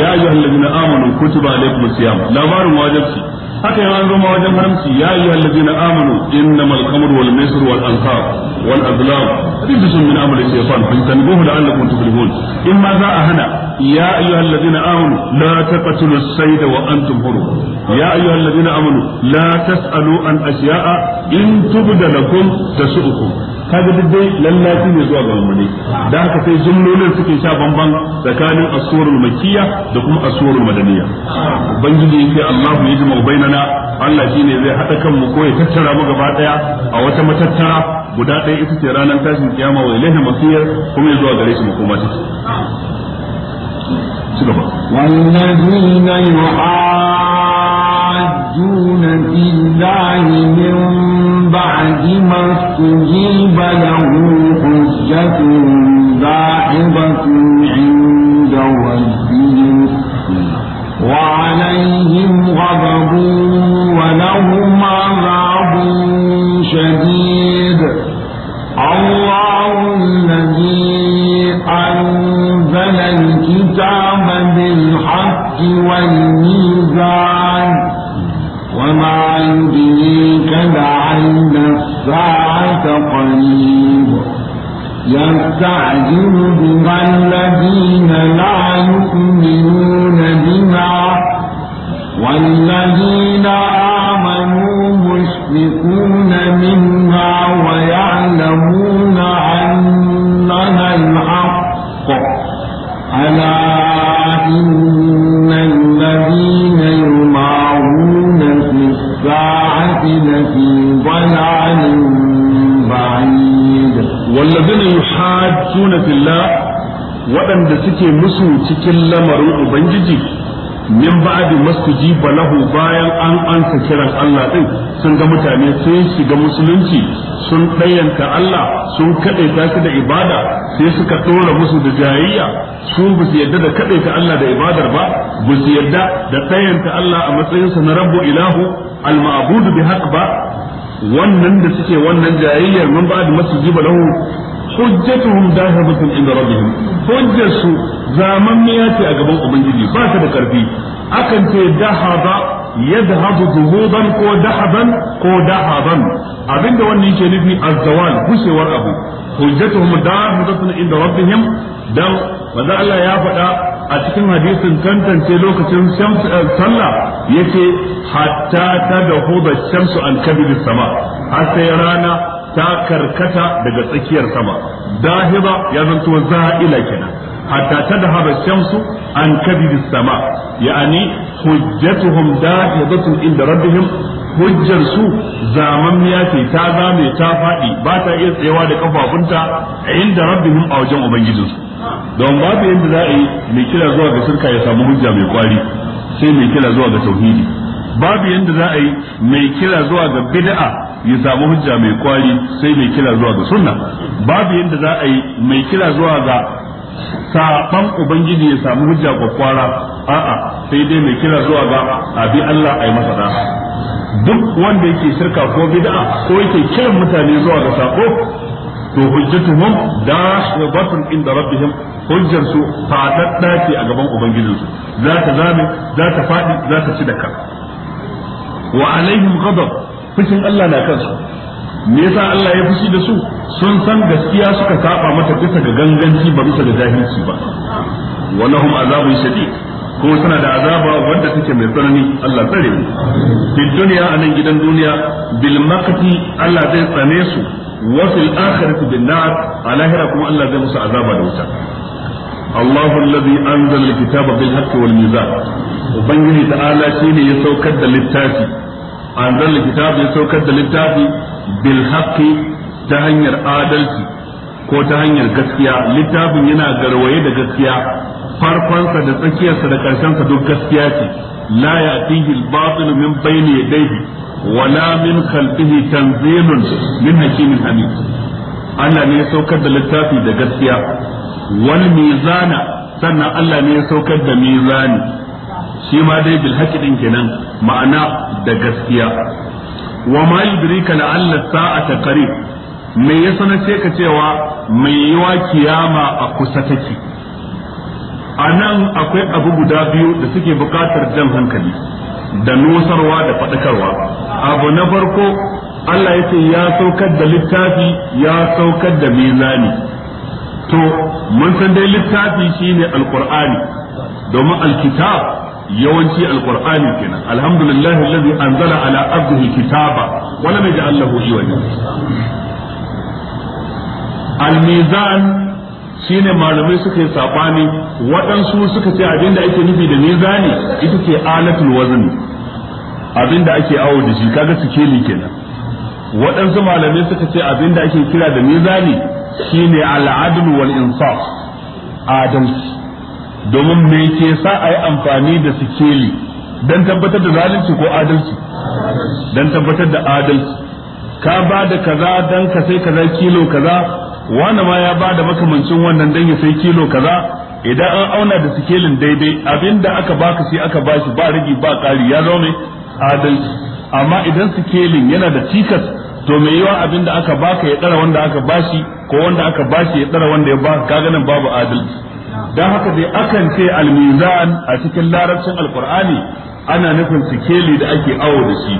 ya ayyuhal ladina amanu kutiba alaykumus siyam labarin wajarci haka yawan zama wajen haramci ya yi hallabi na amanu inna malkamar wal mesir wal ansar wal azlam rijisun min amalin shaytan fa tanbuhu la'allakum tuflihun in ma za a hana ya ayyuha alladhina amanu la taqtulu as-sayda wa antum hurum ya ayyuha alladhina amanu la tas'alu an asya'a in tubda lakum tasu'ukum kaga duk dai lallaci ne zuwa ga mummune da haka sai jumlolin suke sha bamban tsakanin asuwarul makiyya da kuma asuwarul madaniya ubangiji yake Allahu yajma'u bainana Allah shine zai hada kan mu ko ya tattara mu gaba daya a wata matattara guda ɗaya ita ce ranar tashin kiyama wa ilaihi masir kuma ya zuwa gare shi mu koma take ci gaba والذين يحاولون يستعجلون بالله من بعد ما استجيب له حجة داحبة عند ربهم وعليهم غضب ولهم عذاب شديد الله الذي أنزل الكتاب بالحق والميزان عندك يدريك لعل الساعة قريب يستعجل بها الذين لا يؤمنون بها والذين آمنوا مشفقون منها ويعلمون أنها الحق ألا إن yuhadduna fillah waɗanda suke musu cikin lamarin ubangiji min ba'di mastujiba lahu bayan an ansa kiran Allah din sun ga mutane sun shiga musulunci sun ɗayanta Allah sun kaɗaita shi da ibada sai suka ɗora musu da jayayya su ba su yadda da kaɗaita Allah da ibadar ba ba yadda da ɗayanta Allah a matsayin matsayinsa na rabu ilahu al-ma'budu bi haqq ba wannan da suke wannan jayayyar man ba'di mastujiba lahu hujjatuhum zahibatun inda rabbihim hujjar su zamammiya ce a gaban ubangiji ba ta da karfi akan ce dahaba yadhabu duhuban ko dahaban ko dahaban abinda wannan yake nufi azzawal gushewar abu hujjatuhum zahibatun inda rabbihim dan manzo Allah ya faɗa a cikin hadisin tantance lokacin eh, sallah yake hatta ta da huda shamsu an kabir sama har sai rana ta karkata daga tsakiyar sama dahiba ya zanto za'ila kenan hatta tadhhaba shamsu an kabidis sama ya'ani hujjatuhum dahibatu inda rabbihim hujjar su zaman ce ta zame ta faɗi ba ta iya tsayawa da kafafunta inda rabbihim a wajen su don babu yadda za a yi mai kira zuwa ga shirka ya samu hujja mai kwari sai mai kira zuwa ga tauhidi babu yadda za a yi mai kira zuwa ga bid'a ya samu hujja mai kwari sai mai kira zuwa ga sunna babu yadda za a yi mai kira zuwa ga saban ubangiji ya samu hujja kwakwara a'a sai dai mai kira zuwa ga abi Allah yi masa da duk wanda yake shirka ko bid'a ko yake kiran mutane zuwa ga sako to hujjatuhum batun inda rabbihim hujjar su fatadda ce a gaban ubangijinsu za ta zame za ta fadi za ta ci da ka wa alaihim ghadab fushin Allah na kansu me yasa Allah ya fushi da su sun san gaskiya suka saba mata bisa ga ganganci ba bisa ga jahilci ba walahum azabun shadid ko suna da azaba wanda take mai tsanani Allah tsare mu fi duniya anan gidan duniya bil maqti Allah zai tsane su wa fil akhirati bin nar a lahira kuma Allah zai musu azaba da wuta الله الذي أنزل الكتاب بالحق والميزان ne ya saukar da littafi. anzal litafi ya saukar da littafi bil ta hanyar adalci ko ta hanyar gaskiya littafin yana garwaye da gaskiya farkonsa da tsakiyarsa da karshensa duk gaskiya ce la ya'tihi al-batil min bayni yadayhi wala min khalfihi tanzilun min hakimin hamid Allah ne ya saukar da littafi da gaskiya wal mizana sannan Allah ne ya saukar da mizani shi ma dai bil haqqi kenan ma'ana da gaskiya wa ma yudrika la'alla sa'ata qarib me ya ce ka cewa mai yiwa kiyama a kusa take anan akwai abu guda biyu da suke bukatar jan hankali da nusarwa da faɗakarwa abu na farko Allah ya ce ya saukar da littafi ya saukar da mizani to mun san dai littafi shine alqur'ani domin alkitab yawanci alqur'ani kenan alhamdulillah alladhi anzala ala abdihi kitaba wa lam yaj'al lahu iwaja al-mizan shine malamai suka yi sabani waɗansu suka ce abin da ake nufi da mizani ita ce alatul wazni da ake awo da shi kaga sikeli kenan waɗansu malamai suka ce abin da ake kira da mizani shine al'adl wal insaf adalci domin me ke sa a yi amfani da sikeli don tabbatar da zalunci ko adalci don tabbatar da adalci ka ba da kaza don ka sai kaza kilo kaza wani ma ya ba da makamancin wannan don ya sai kilo kaza idan an auna da sikelin daidai abinda aka baka sai aka bashi ba rigi ba kari ya zaune adalci amma idan sikelin yana da cikas to mai abin abinda aka baka ya ɗara wanda aka bashi ko wanda aka bashi ya ɗara wanda ya baka kaga ganin babu adalci don haka dai akan ce almizan a cikin larabcin alkur'ani ana nufin sikeli da ake awo da shi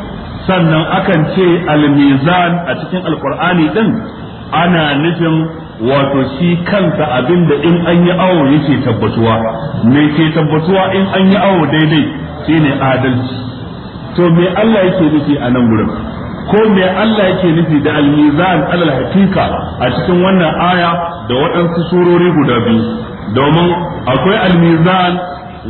sannan akan ce almizan a cikin alkur'ani din ana nufin wato shi kansa abinda in an yi awo yake tabbatuwa me ke tabbatuwa in an yi awo daidai shine adalci to me Allah yake nufi a nan gurin ko me Allah yake nufi da almizan alal hakika a cikin wannan aya da waɗansu surori guda biyu domin akwai almizan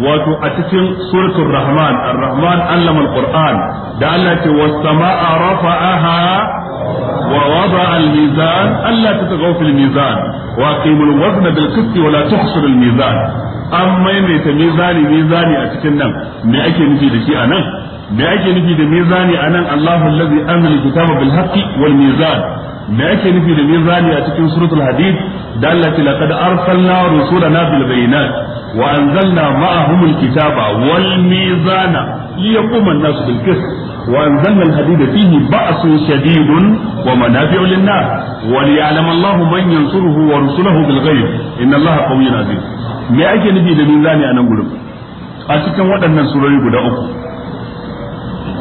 wato a cikin suratul rahman ar-rahman allama al-qur'an da Allah ce was samaa rafa'aha wa wada'a al-mizan Allah ta tagaw fil mizan wa qimul wazna bil qisti wa la tuhsir al-mizan an maimaita mizani mizani a cikin nan me ake nufi da shi a nan me ake nufi da mizani a nan Allahu allazi anzala al-kitaba bil haqqi wal mizan me ake nufi da mizani a cikin suratul hadid da Allah ce laqad arsalna rusulana bil bayinat wa anzalna ma'ahum al kitaba wal mizana liyaquma an-nas bil qist wa anzalna al hadida fihi ba'sun shadidun wa manafi'u lin nas wa liya'lam Allah wa rusuluhu bil inna me ake da a nan a cikin waɗannan surori guda uku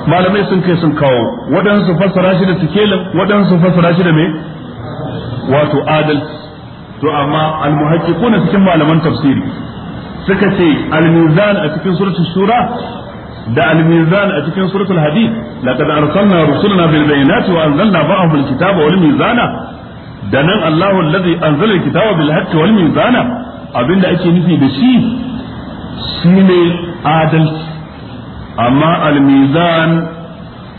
malamai sun kai sun kawo waɗansu fassara shi da tikelin waɗansu fassara shi da me wato adalci to amma almuhaqqiquna cikin malaman tafsiri suka ce almizan a cikin suratul shura da almizan a cikin suratul hadid laqad arsalna rusulana bil bayinati wa anzalna ba'ahum alkitaba wal mizana da nan Allahu allazi anzala alkitaba bil haqqi wal mizana abinda ake nufi da shi shine adalci amma almizan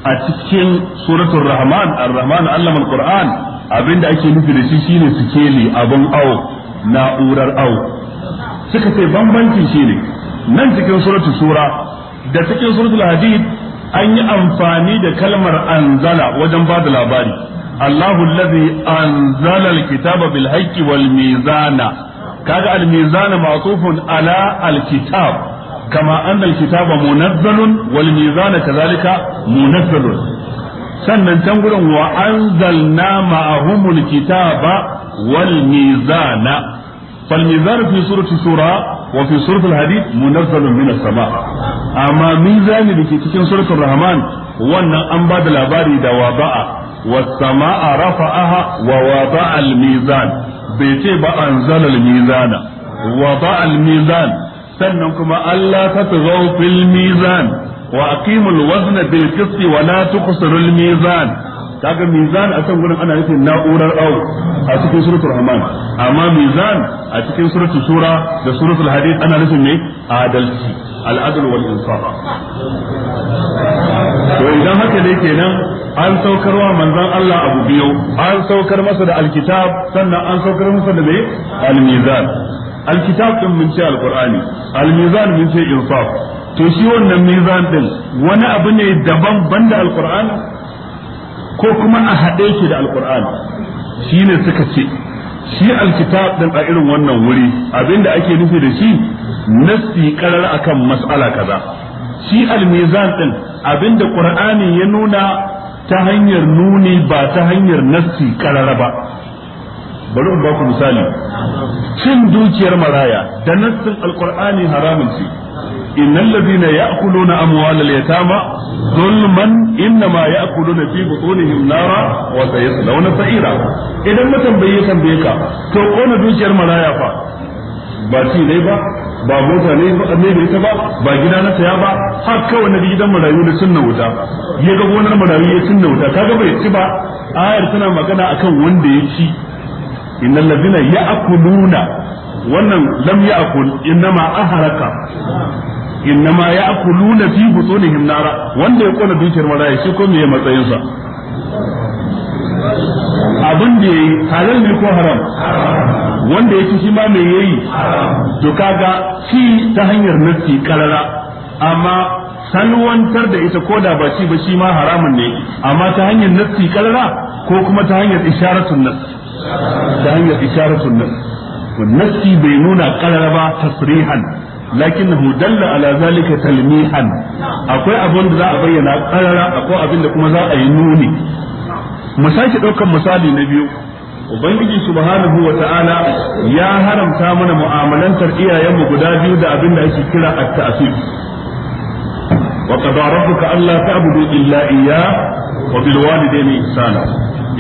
a cikin suratul rahman ar-rahman allama al-qur'an abinda ake nufi da shi shine sikeli abin awo na'urar awo suka ce bambancin shine nan cikin suratu sura da cikin suratu hadid an yi amfani da kalmar anzala wajen ba da labari Allahu lazi anzala alkitaba bil haqqi wal mizana kaga al mizana ma'tufun ala al kitab kama anna al kitaba munazzalun wal mizana kadhalika munazzalun sannan can gurin wa anzalna ma'ahumul kitaba wal mizana fal mizan fi surati sura wa fi surati al hadid munazzalun min as-sama amma mizani dake cikin suratul rahman wannan an ba da labari da waba'a was sama'a rafa'aha wa wada'a al mizan bai ce ba anzala al mizana wada'a al mizan sannan kuma Allah ta tazau fil mizan wa aqimul wazna bil qisti wa la tuqsirul mizan kaga mizan a can gurin ana nufin na'urar awo a cikin suratul rahman amma mizan a cikin suratul shura da suratul hadid ana nufin ne adalci al'adl wal insaf to idan haka ne kenan an saukarwa manzon Allah abu biyu an saukar masa da alkitab sannan an saukar masa da me al-mizan alkitab din mun ce alqur'ani al-mizan mun ce insaf to shi wannan mizan din wani abu ne daban banda alqur'ani ko kuma a haɗe shi da alqur'ani shine suka ce shi alkitab din a irin wannan wuri abinda ake nufi da shi nasi karar akan mas'ala kaza shi almizan din abinda qur'ani ya nuna ta hanyar nuni ba ta hanyar nasi karara ba bari in baku misali cin dukiyar maraya da nassin alqur'ani haramun ce innal ladina ya'kuluna amwalal yatama zulman innama ya'kuluna fi butunihim nara wa sayaslawna sa'ira idan mutum bai tambaye ka to kona dukiyar maraya fa ba ci dai ba ba mota ne ne da ita ba ba gida na saya ba har kawai na gidan marayu na sunna wuta ya ga gonar marayu ya sunna wuta kaga bai ci ba ayar tana magana akan wanda ya ci innal ladina ya'kuluna wannan lam ya'kul innama aharaka innama ya'kuluna fi butunihim nara wanda ya kona dukiyar maraya shi ko meye matsayin sa abin da yayi halal ne ko haram wanda yake shi ma mai yayi to kaga shi ta hanyar nafsi karara amma salwantar da ita ko da ba shi ba shi ma haramun ne amma ta hanyar nafsi karara ko kuma ta hanyar isharatun nan. ta hanyar isharatun nan. nafsi bai nuna karara ba tasrihan lakinnahu dalla ala zalika talmihan akwai abin da za a bayyana karara akwai abin da kuma za a yi nuni mu ɗaukan misali na biyu ubangiji subhanahu wa ta'ala ya haramta mana mu'amalantar iyayenmu guda biyu da abin da ake kira at-ta'sir wa qada rabbuka alla ta'budu illa iyyah wa bil walidayni ihsana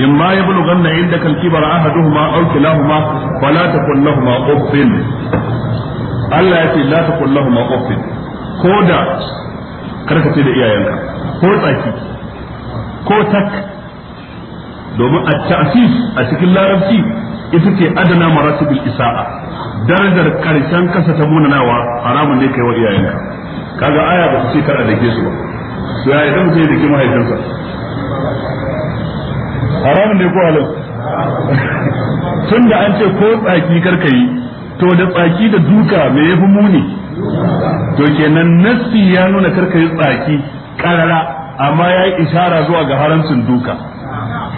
imma yablughanna indaka al-kibara ahaduhuma aw kilahuma fala takun lahumā Allah ya ce la taqul lahum uffin ko da karka ce da iyayenka ko tsaki ko tak domin a ta'fif a cikin larabci ita ce adana maratibul isa'a darajar karshen kasa ta munanawa haramun ne kai wa iyayenka kaga aya ba su ce kada da dake su ba su ya idan mutum da ke mahaifinsa haramun ne ko halal tun da an ce ko tsaki karka yi to da tsaki da duka me yafi muni to kenan nassi ya nuna karka yi tsaki karara amma ya yi ishara zuwa ga haramcin duka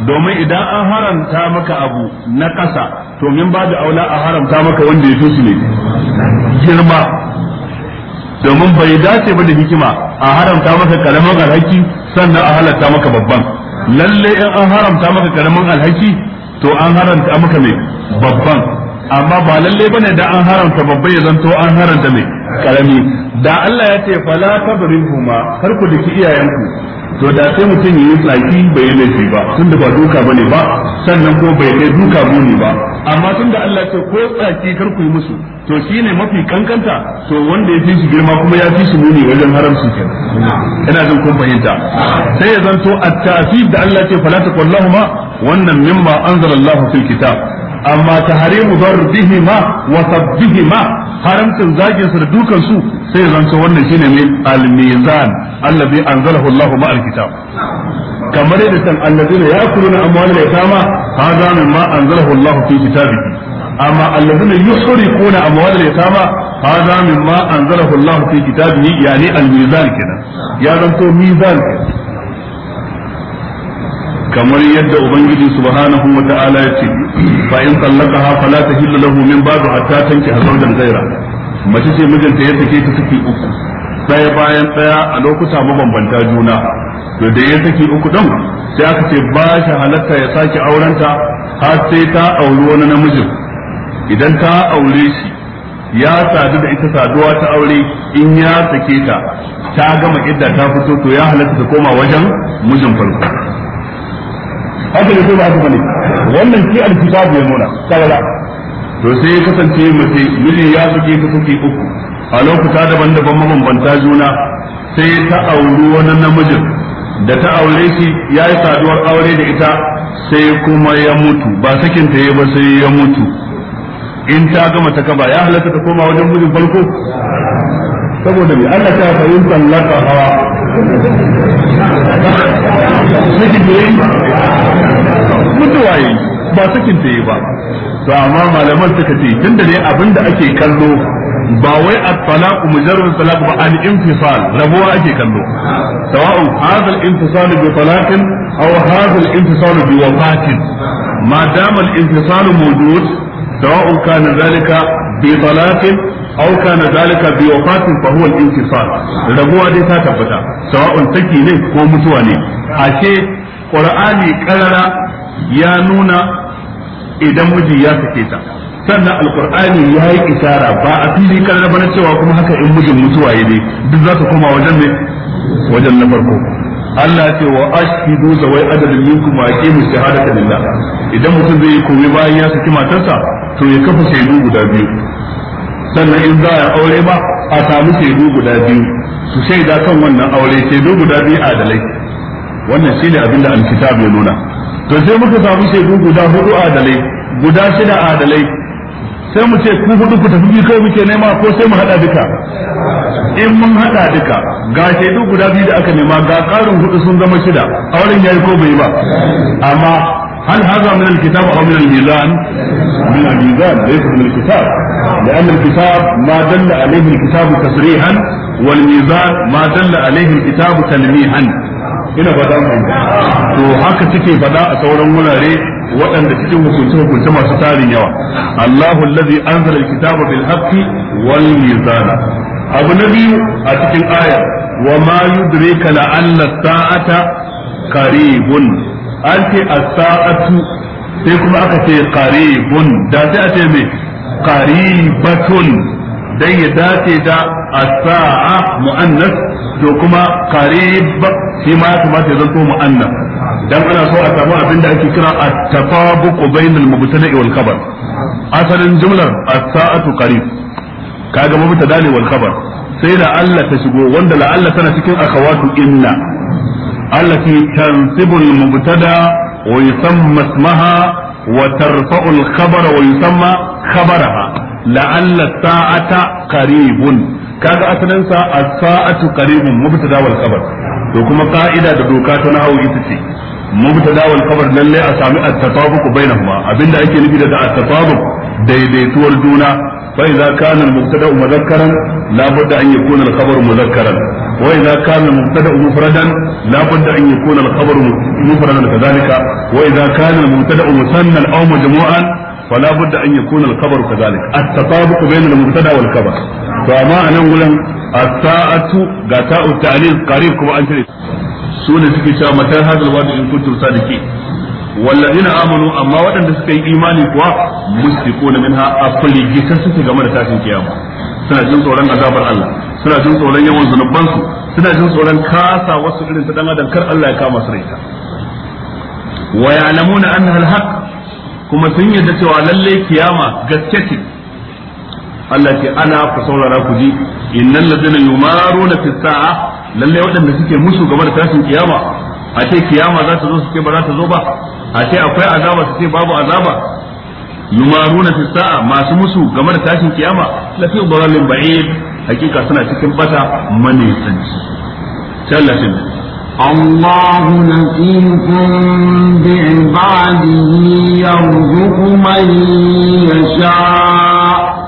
domin idan an haramta maka abu na ƙasa to min ba da aula a haramta maka wanda ya fi ne girma domin bai dace ba da hikima a haramta maka karamin alhaki sannan a halatta maka babban lalle in an haramta maka karamin alhaki to an haramta maka mai babban amma ba lalle bane da an haramta babba ya zanto an haramta mai karami da Allah ya ce fala tabrihuma kar ku daki iyayenku to da sai mutum yi tsaki bai laifi ba tunda ba duka bane ba sannan ko bai kai duka muni ba amma tun da Allah ce ko tsaki kar ku yi musu to shine mafi kankanta to wanda ya fi girma kuma ya fi muni wajen su kenan ina jin kun fahimta sai ya zanto at tafid da Allah ce fala taqullahuma wannan mimma anzalallahu fil kitab amma tahrimu darbihima wa sabbihima haramcin zagin su da dukan su sai zanto wannan shine mai al-mizan allazi anzalahu Allah ma'al kitab kamar yadda san allazina ya'kuluna amwalal yatama hadha mimma anzalahu Allah fi kitabihi amma allazina yusrifuna amwalal yatama hadha mimma anzalahu Allah fi kitabihi yani al-mizan kenan ya zanto mizan kenan kamar yadda ubangiji subhanahu wa ta'ala ya ce fa in tallaqaha fala tahillu lahu min ba'du hatta tankiha zawjan ghayra mace ce mijinta ya sake ta saki uku Sai bayan daya a lokuta mabambanta juna to da ya saki uku din sai aka ce ba shi halatta ya sake aurenta har sai ta auri wani namijin idan ta aure shi ya sadu da ita saduwa ta aure in ya sake ta ta gama idda ta fito to ya halatta ta koma wajen mijin farko haka ne ko ba haka bane wannan shi alkitabu ya nuna kawala to sai ya kasance mace miji ya sake ta sake uku a lokuta daban-daban mabambanta juna sai ta auri wani namijin da ta aure shi ya yi saduwar aure da ita sai kuma ya mutu ba sakin ta ba sai ya mutu in ta gama ta kaba ya halatta ta koma wajen mijin farko saboda mai Allah ta fahimta laka hawa mutuwa yayi ba sakin ta yi ba to amma malaman suka ce tunda dai abinda ake kallo ba wai at-talaq mujarrad talaq ba al-infisal rabuwa ake kallo sawa'un hadha al-infisal bi talaqin aw hadha al-infisal bi wafatin ma dama al-infisal mawjud sawa'un kana bi talaqin aw kana bi wafatin fa huwa al-infisal rabuwa dai ta tabbata sawa'un saki ne ko mutuwa ne ashe qur'ani karara ya nuna idan miji ya sake ta sannan alkur'ani ya yi isara ba a fili karar bana cewa kuma haka in mijin mutuwa ya ne duk za su koma wajen ne wajen na farko Allah ce wa ashhidu wai adadin ke wa aqimu shahadata lillah idan mutum zai yi koyi bayan ya saki matarsa to ya kafa shaidu guda biyu sannan in za a aure ba a samu shaidu guda biyu su shaida kan wannan aure shaidu guda biyu adalai wannan shine abin da alkitab ya nuna to sai muka samu shaidu guda hudu adalai guda shida adalai sai mu ce ku hudu ku tafi kai muke nema ko sai mu hada duka in mun hada duka ga shaidu guda biyu da aka nema ga karin hudu sun zama shida auren yayi ko bai ba amma هل هذا من الكتاب او من الميزان؟ من الميزان ليس من الكتاب لان الكتاب ما دل عليه الكتاب تصريحا والميزان ما دل عليه الكتاب تلميحا ina ba za mu to haka suke faɗa a sauran wurare waɗanda cikin hukunce hukunce masu tarin yawa Allahu allazi anzala alkitaba bil haqqi wal mizana abu na biyu a cikin ayar wa ma yudrika la'alla sa'ata qaribun an ce as-sa'atu sai kuma aka ce qaribun da sai a ce me qaribatun dan ya dace da as-sa'a muannas to kuma qarib shi ma ya kamata ya zanto mu'annas dan ana so a samu abin da ake kira at-tafabuq bainal mubtada'i wal khabar asalin jumlar as-sa'atu qarib kaga mubtada ne wal khabar sai da Allah ta shigo wanda la Allah tana cikin akhawatu inna allati tansibu al-mubtada wa yusamma ismaha wa tarfa'u al-khabara wa yusamma khabaraha la'alla saata qaribun kaga asalin sa as-sa'atu qaribun mubtada wal khabar to kuma ka'ida da doka ta nahwu ita ce mubtada wal khabar lalle a sami at-tatabuq bainahuma abinda ake nufi da at-tatabuq daidaituwar juna fa idza kana al-mubtada mudhakkaran la budda an yakuna al-khabar mudhakkaran wa idza kana al-mubtada mufradan la budda an yakuna al-khabar mufradan kadhalika wa idza kana al-mubtada musannan aw majmu'an فلا بد ان يكون الخبر كذلك التطابق بين المبتدا والخبر Ba ma a nan wulan a saatu ga ta'u ta'lil qarib kuma an tare su ne suke cewa matar hadal wadi in kuntum sadiqin walladina amanu amma waɗanda suka yi imani kuwa mushrikuna minha afligita suke game da tashin kiyama suna jin tsoron azabar Allah suna jin tsoron yawan su. suna jin tsoron kasa wasu irin ta dan adam kar Allah ya kama su da ita wa ya'lamuna annaha al-haq kuma sun yadda cewa lalle kiyama gaske ce Allah ce ana ku saurara ku ji innal ladina yumaruna fi sa'a lalle waɗanda suke musu game da tashin kiyama a ce kiyama za ta zo suke ba za ta zo ba a ce akwai azaba su ce babu azaba yumaruna fi sa'a masu musu game da tashin kiyama la fi dhalalin ba'id hakika suna cikin bata mane sanci sallatin الله لطيف بعباده يرزق من يشاء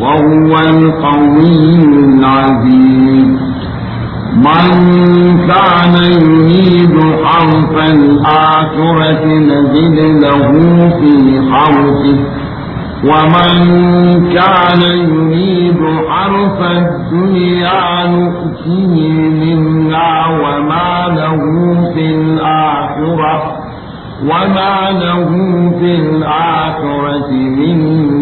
وهو القوي العزيز من كان يريد حرف الآخرة نزل له في حرفه ومن كان يريد حرف الدنيا نؤتيه منا وما له في الآخرة وما له في الآخرة من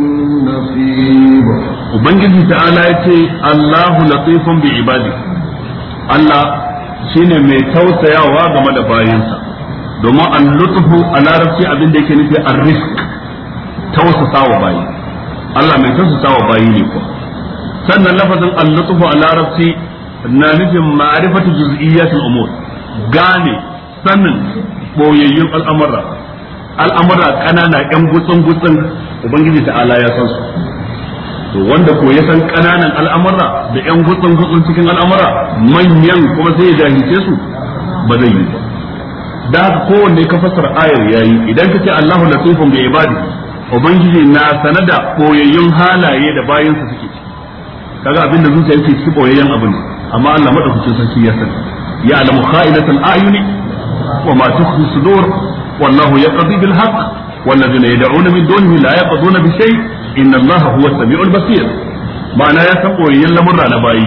ya ce, Allahu latifun bi ibadi, Allah shi shine mai tausayawa game da bayansa domin an lutufu a larabci abin da yake nufi risk tausasa wa bayi Allah mai wa bayi ne kuwa sannan lafazin an lutufu a larabci na nufin ma'arifatu juz'iyyatil umur gane sanin boyayyun al'amura al'amura kanana yan gutsun gutsun ubangiji ta'ala ya san su to wanda ko ya san kananan al'amura da yan gutsun gutsun cikin al'amura manyan kuma sai ya jahilce su ba zai yi ba da haka kowanne ka fassara ayar yayi idan kace Allahu latifun bi ibadi ubangiji na sanada koyayyun halaye da bayin su suke ciki kaga abin da zuciya yake ci koyayyan abin amma Allah madaukakin sarki ya sani ya alamu kha'inatul ayuni wa ma tukhfi sudur wallahu yaqdi bil haqq والذين يدعون من دونه لا يقضون بشيء ان الله هو السميع البصير معنى يا تقوي يلا مر على باي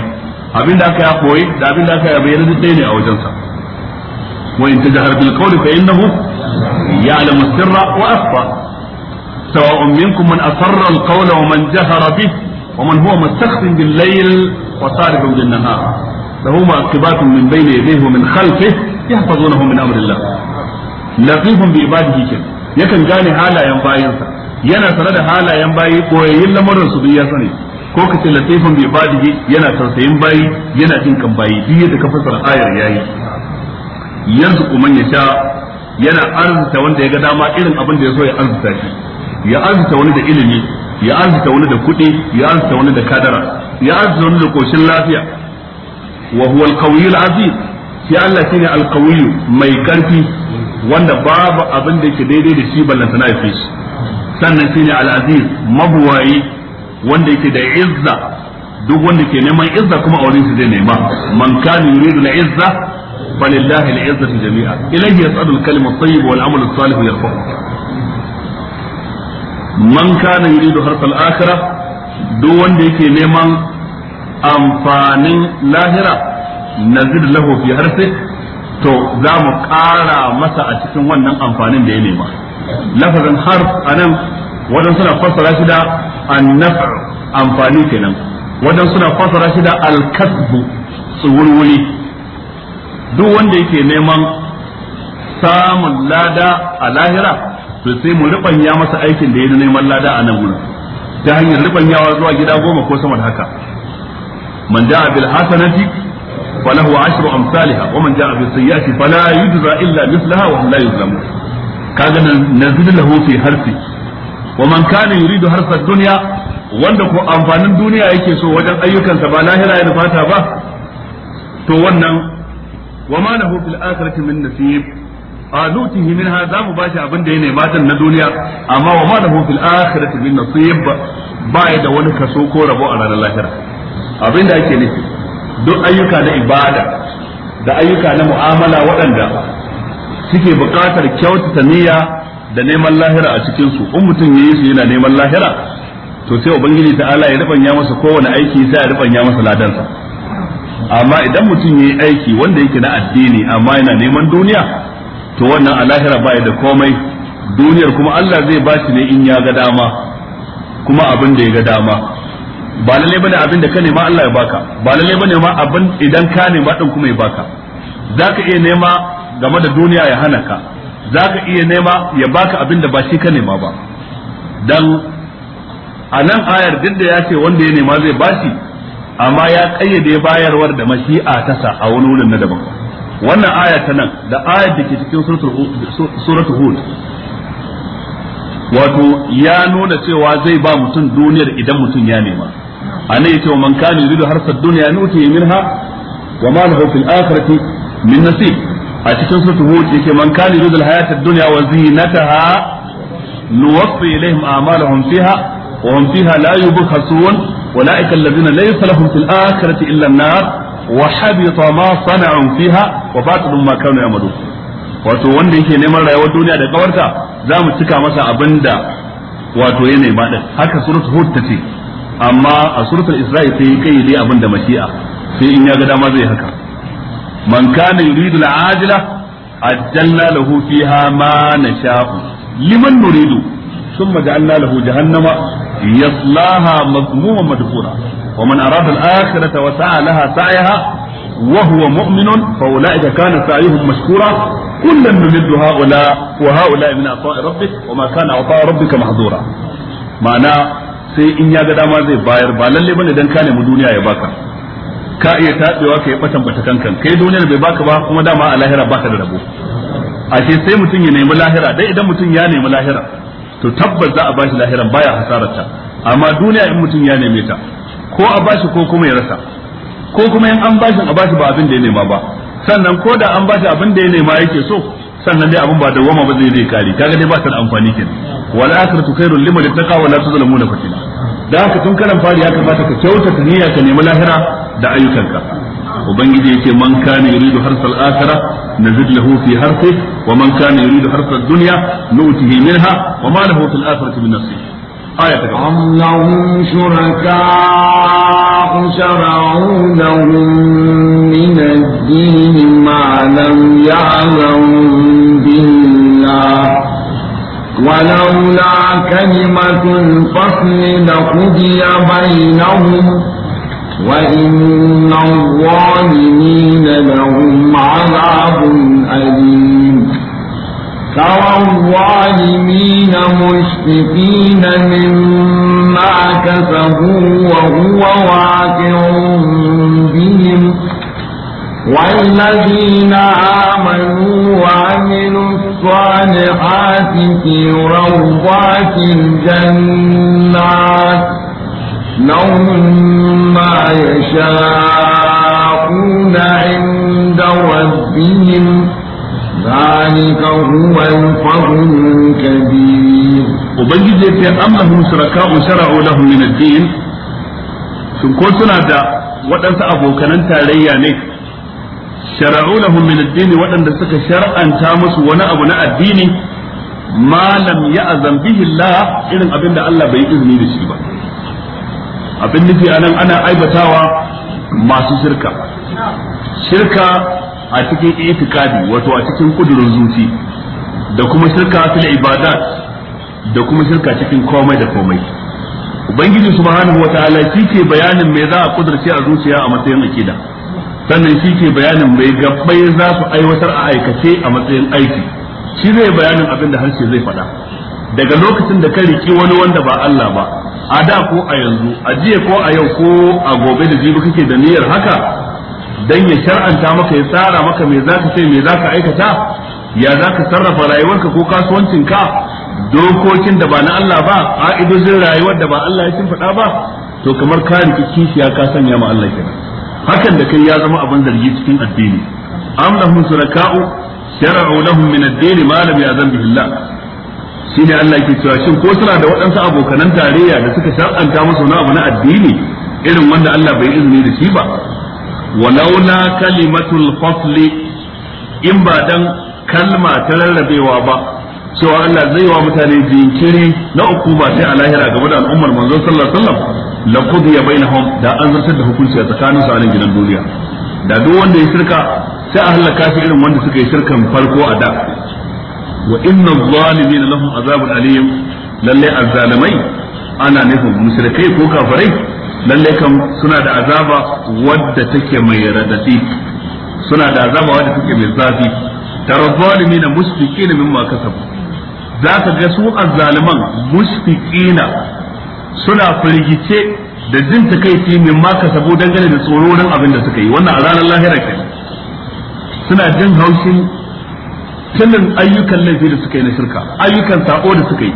ابين داك يا قوي دا ابين داك يا بين الدين او جنسا وان تجهر بالقول فانه يعلم السر واخفى سواء منكم من اصر القول ومن جهر به ومن هو مستخف بالليل وصارف بالنهار فهما اقتباس من بين يديه ومن خلفه يحفظونه من امر الله لطيف بعباده كذا yakan gane halayen bayansa yana sanar da halayen bayi koyayyin lamarin su duk ya sani ko kace bai bi ibadihi yana tausayin bayi yana jin kan bayi duk yadda ka fassara ayar yayi yanzu kuman ya sha yana arzuta wanda ya ga dama irin abin da ya so ya arzuta shi ya arzuta wani da ilimi ya arzuta wani da kuɗi ya arzuta wani da kadara ya arzuta wani da koshin lafiya wa huwa al-qawiyyu al-aziz shi Allah shine al-qawiyyu mai karfi wanda babu abin da yake daidai da shi ballanta na fi shi sannan shi ne aziz mabuwayi wanda yake da izza duk wanda ke neman izza kuma a wurin shi zai nema man kana yuridu al-izza falillahi al-izzatu jami'a ilayhi yas'adu al-kalimu at-tayyib wal 'amalu as-salih yarfa'u man kana yuridu harfal akhirah duk wanda yake neman amfanin lahira nazid lahu fi harsik to za mu ƙara masa a cikin wannan amfanin da ya nema lafazin harf a nan wajen suna fassara shi da annaf amfani kenan wajen suna fassara shi da alkasbu tsuwurwuri duk wanda yake neman samun lada a lahira to sai mu ribanya masa aikin da ya neman lada a nan wurin ta hanyar ribanyawa zuwa gida goma ko sama da haka man da'a bil hasanati falahu ashru amsalha wa man jaa bi sayyi'ati fala yujza illa mislaha wa la yuzlamu kaga nan nazid lahu fi harfi wa man kana yuridu harfa dunya wanda ko amfanin duniya yake so wajen ayyukansa ba lahira ya fata ba to wannan wa ma lahu fil akhirati min nasib azutihi minha za mu bashi abin da ya nema tan na duniya amma wa ma lahu fil akhirati min nasib ba ya da wani kaso ko rabo a ranar lahira abin da ake nufi duk ayyuka na ibada da ayyuka na mu'amala waɗanda suke buƙatar kyautata niyya da neman lahira a cikin su in mutum yi su yana neman lahira to sai ubangiji ta'ala ya rubanya masa kowane aiki sai ya rubanya masa ladansa amma idan mutum ya yi aiki wanda yake na addini amma yana neman duniya to wannan a lahira ba da komai duniyar kuma Allah zai ba shi ne in ya ga dama kuma abin da ya ga dama ba lalle bane abin da ka nema Allah ya baka ba lalle bane ma abin idan ka nema din kuma ya baka zaka iya nema game da duniya ya hana ka zaka iya nema ya baka abin da ba shi ka nema ba dan a nan ayar duk da ya ce wanda ya nema zai bashi amma ya kayyade bayarwar da mashi'a ta sa a wani wurin na daban wannan aya ta nan da ayar da ke cikin suratul hud wato ya nuna cewa zai ba mutum duniyar idan mutum ya nema anai yace wa man kana yuridu harsa dunya nuti minha wa ma lahu fil akhirati min nasib a cikin suratul hud yace man kana yuridu al hayata dunya wa zinataha nuwaffi ilaihim a'malahum fiha wa hum fiha la yubkhasun ulaika alladhina laysa lahum fil akhirati illa an-nar wa habita ma sana'u fiha wa batilu ma kanu ya'malun wato wanda yake neman rayuwar duniya da kawarta za mu cika masa abin da wato ya nema din haka suratul hud ta ce amma a suratul isra'i sai kai dai abin da mashi'a sai in ya ga dama zai haka man kana yuridu al-ajila ajjalna lahu fiha ma nasha'u liman nuridu ثم جعلنا له جهنم يصلاها مذموما مدحورا ومن أراد الآخرة وسعى لها سعيها wa huwa mu'minun fa ulaika kana sa'ihum mashkura kullan numiddu haula wa haula min ata'i rabbik wa ma kana ma'ana sai in ya ga dama zai bayar ba lalle bane dan ka nemi duniya ya baka ka iya tabewa ka yi batan bata kankan kai duniyar bai baka ba kuma dama a lahira baka da rabo Ake sai mutum ya nemi lahira dai idan mutum ya nemi lahira to tabbas za a bashi lahiran baya ta amma duniya in mutum ya neme ta ko a bashi ko kuma ya rasa ko kuma in an bashin a bashi ba abin da ya nema ba sannan ko da an bashi abin da ya nema yake so sannan dai abin ba da wama ba zai zai kare kaga dai ba ta da amfani kenan wal akhiratu khairul liman ittaqa wa la tuzlamuna fatila da haka tun karan fari ya kamata ka kyautata niyya ka nemi lahira da ayyukanka ubangiji yake man kana yuridu harsal akhirah nazid lahu fi harfi wa man kana yuridu harsal dunya nu'tihi minha wa ma lahu fil akhirati min nasib آية أم لهم شركاء شرعوا لهم من الدين ما لم يعلم به الله ولولا كلمة الفصل لقضي بينهم وإن الظالمين لهم عذاب أليم ترى الظالمين مشفقين مما كسبوا وهو واقع بهم والذين آمنوا وعملوا الصالحات في روضات الجنات لهم ما يشاءون عند ربهم ذلك هو الفضل الكبير وبنجي في أنهم شركاء شرعوا لهم من الدين sun ko suna da waɗansu abokanan tarayya ne shara'u lahum min waɗanda suka shar'anta musu wani abu na addini malam ya ya'zam bihi Allah irin abin da Allah bai yi izini da shi ba abin a nan ana aibatawa masu shirka shirka a cikin itikadi wato a cikin kudurin zuci da kuma shirka fil ibadat da kuma shirka cikin komai da komai ubangiji subhanahu wataala shi ke bayanin me za a kudurce a zuciya a matsayin akida sannan shi ke bayanin mai gabbai za su aiwatar a aikace a matsayin aiki shi zai bayanin abin da harshe zai faɗa daga lokacin da ka riki wani wanda ba Allah ba a da ko a yanzu a jiya ko a yau ko a gobe da jibi kake da niyyar haka dan ya shar'anta maka ya tsara maka me zaka ce me zaka aikata ya zaka sarrafa rayuwarka ko kasuwancinka dokokin da ba na Allah ba ka'idojin rayuwar da ba Allah ya faɗa ba to kamar ka riki kishiya ka sanya ma Allah kenan hakan da kai ya zama abin zargi cikin addini am lahum suraka'u shar'u lahum min ad-din ma lam ya'zan bihi Allah shine Allah yake cewa shin ko suna da waɗansu abokanan tarayya da suka shar'anta musu wani abu na addini irin wanda Allah bai izini da shi ba walaula kalimatul fasli in ba dan kalma ta rarrabewa ba cewa Allah zai yi wa mutane jinkiri na uku ba sai a lahira game da al'ummar manzon sallallahu ya bai laqudiya bainahum da an zartar da hukunci a tsakanin su gidan duniya da duk wanda ya shirka sai a halaka shi irin wanda suka yi shirkan farko a da wa inna a lahum azabun alim lalle azzalimai ana nufin kai ko kafirai lalle kan suna da azaba wadda take mai radadi suna da azaba wadda take mai zafi tarazzalimina mushfiqina mimma kasab za ka ga su azzaliman mushfiqina suna firgice da jin takaici mimma kasabu dangane da tsoro tsororin abin da suka yi wannan a lahira ke suna jin haushin tunin ayyukan laifi da suka yi na shirka ayyukan sako da suka yi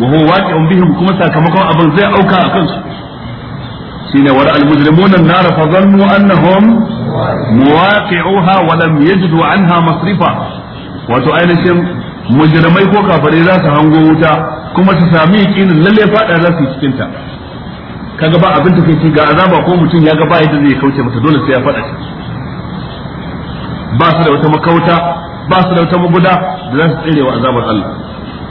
wa huwa waqi'un bihim kuma sakamakon abin zai auka a kansu shine wal almujrimuna an-nar fa zannu annahum muwaqi'uha wa lam yajidu anha masrifa wato ainihin mujrimai ko kafare za su hango wuta kuma su sami yakinin lalle fada za su cikin ta kaga ba abin da kai ga azaba ko mutum ya ga ba yadda zai kauce mata dole sai ya fada ciki ba su da wata makauta ba su da wata maguda da za su tsere wa azabar Allah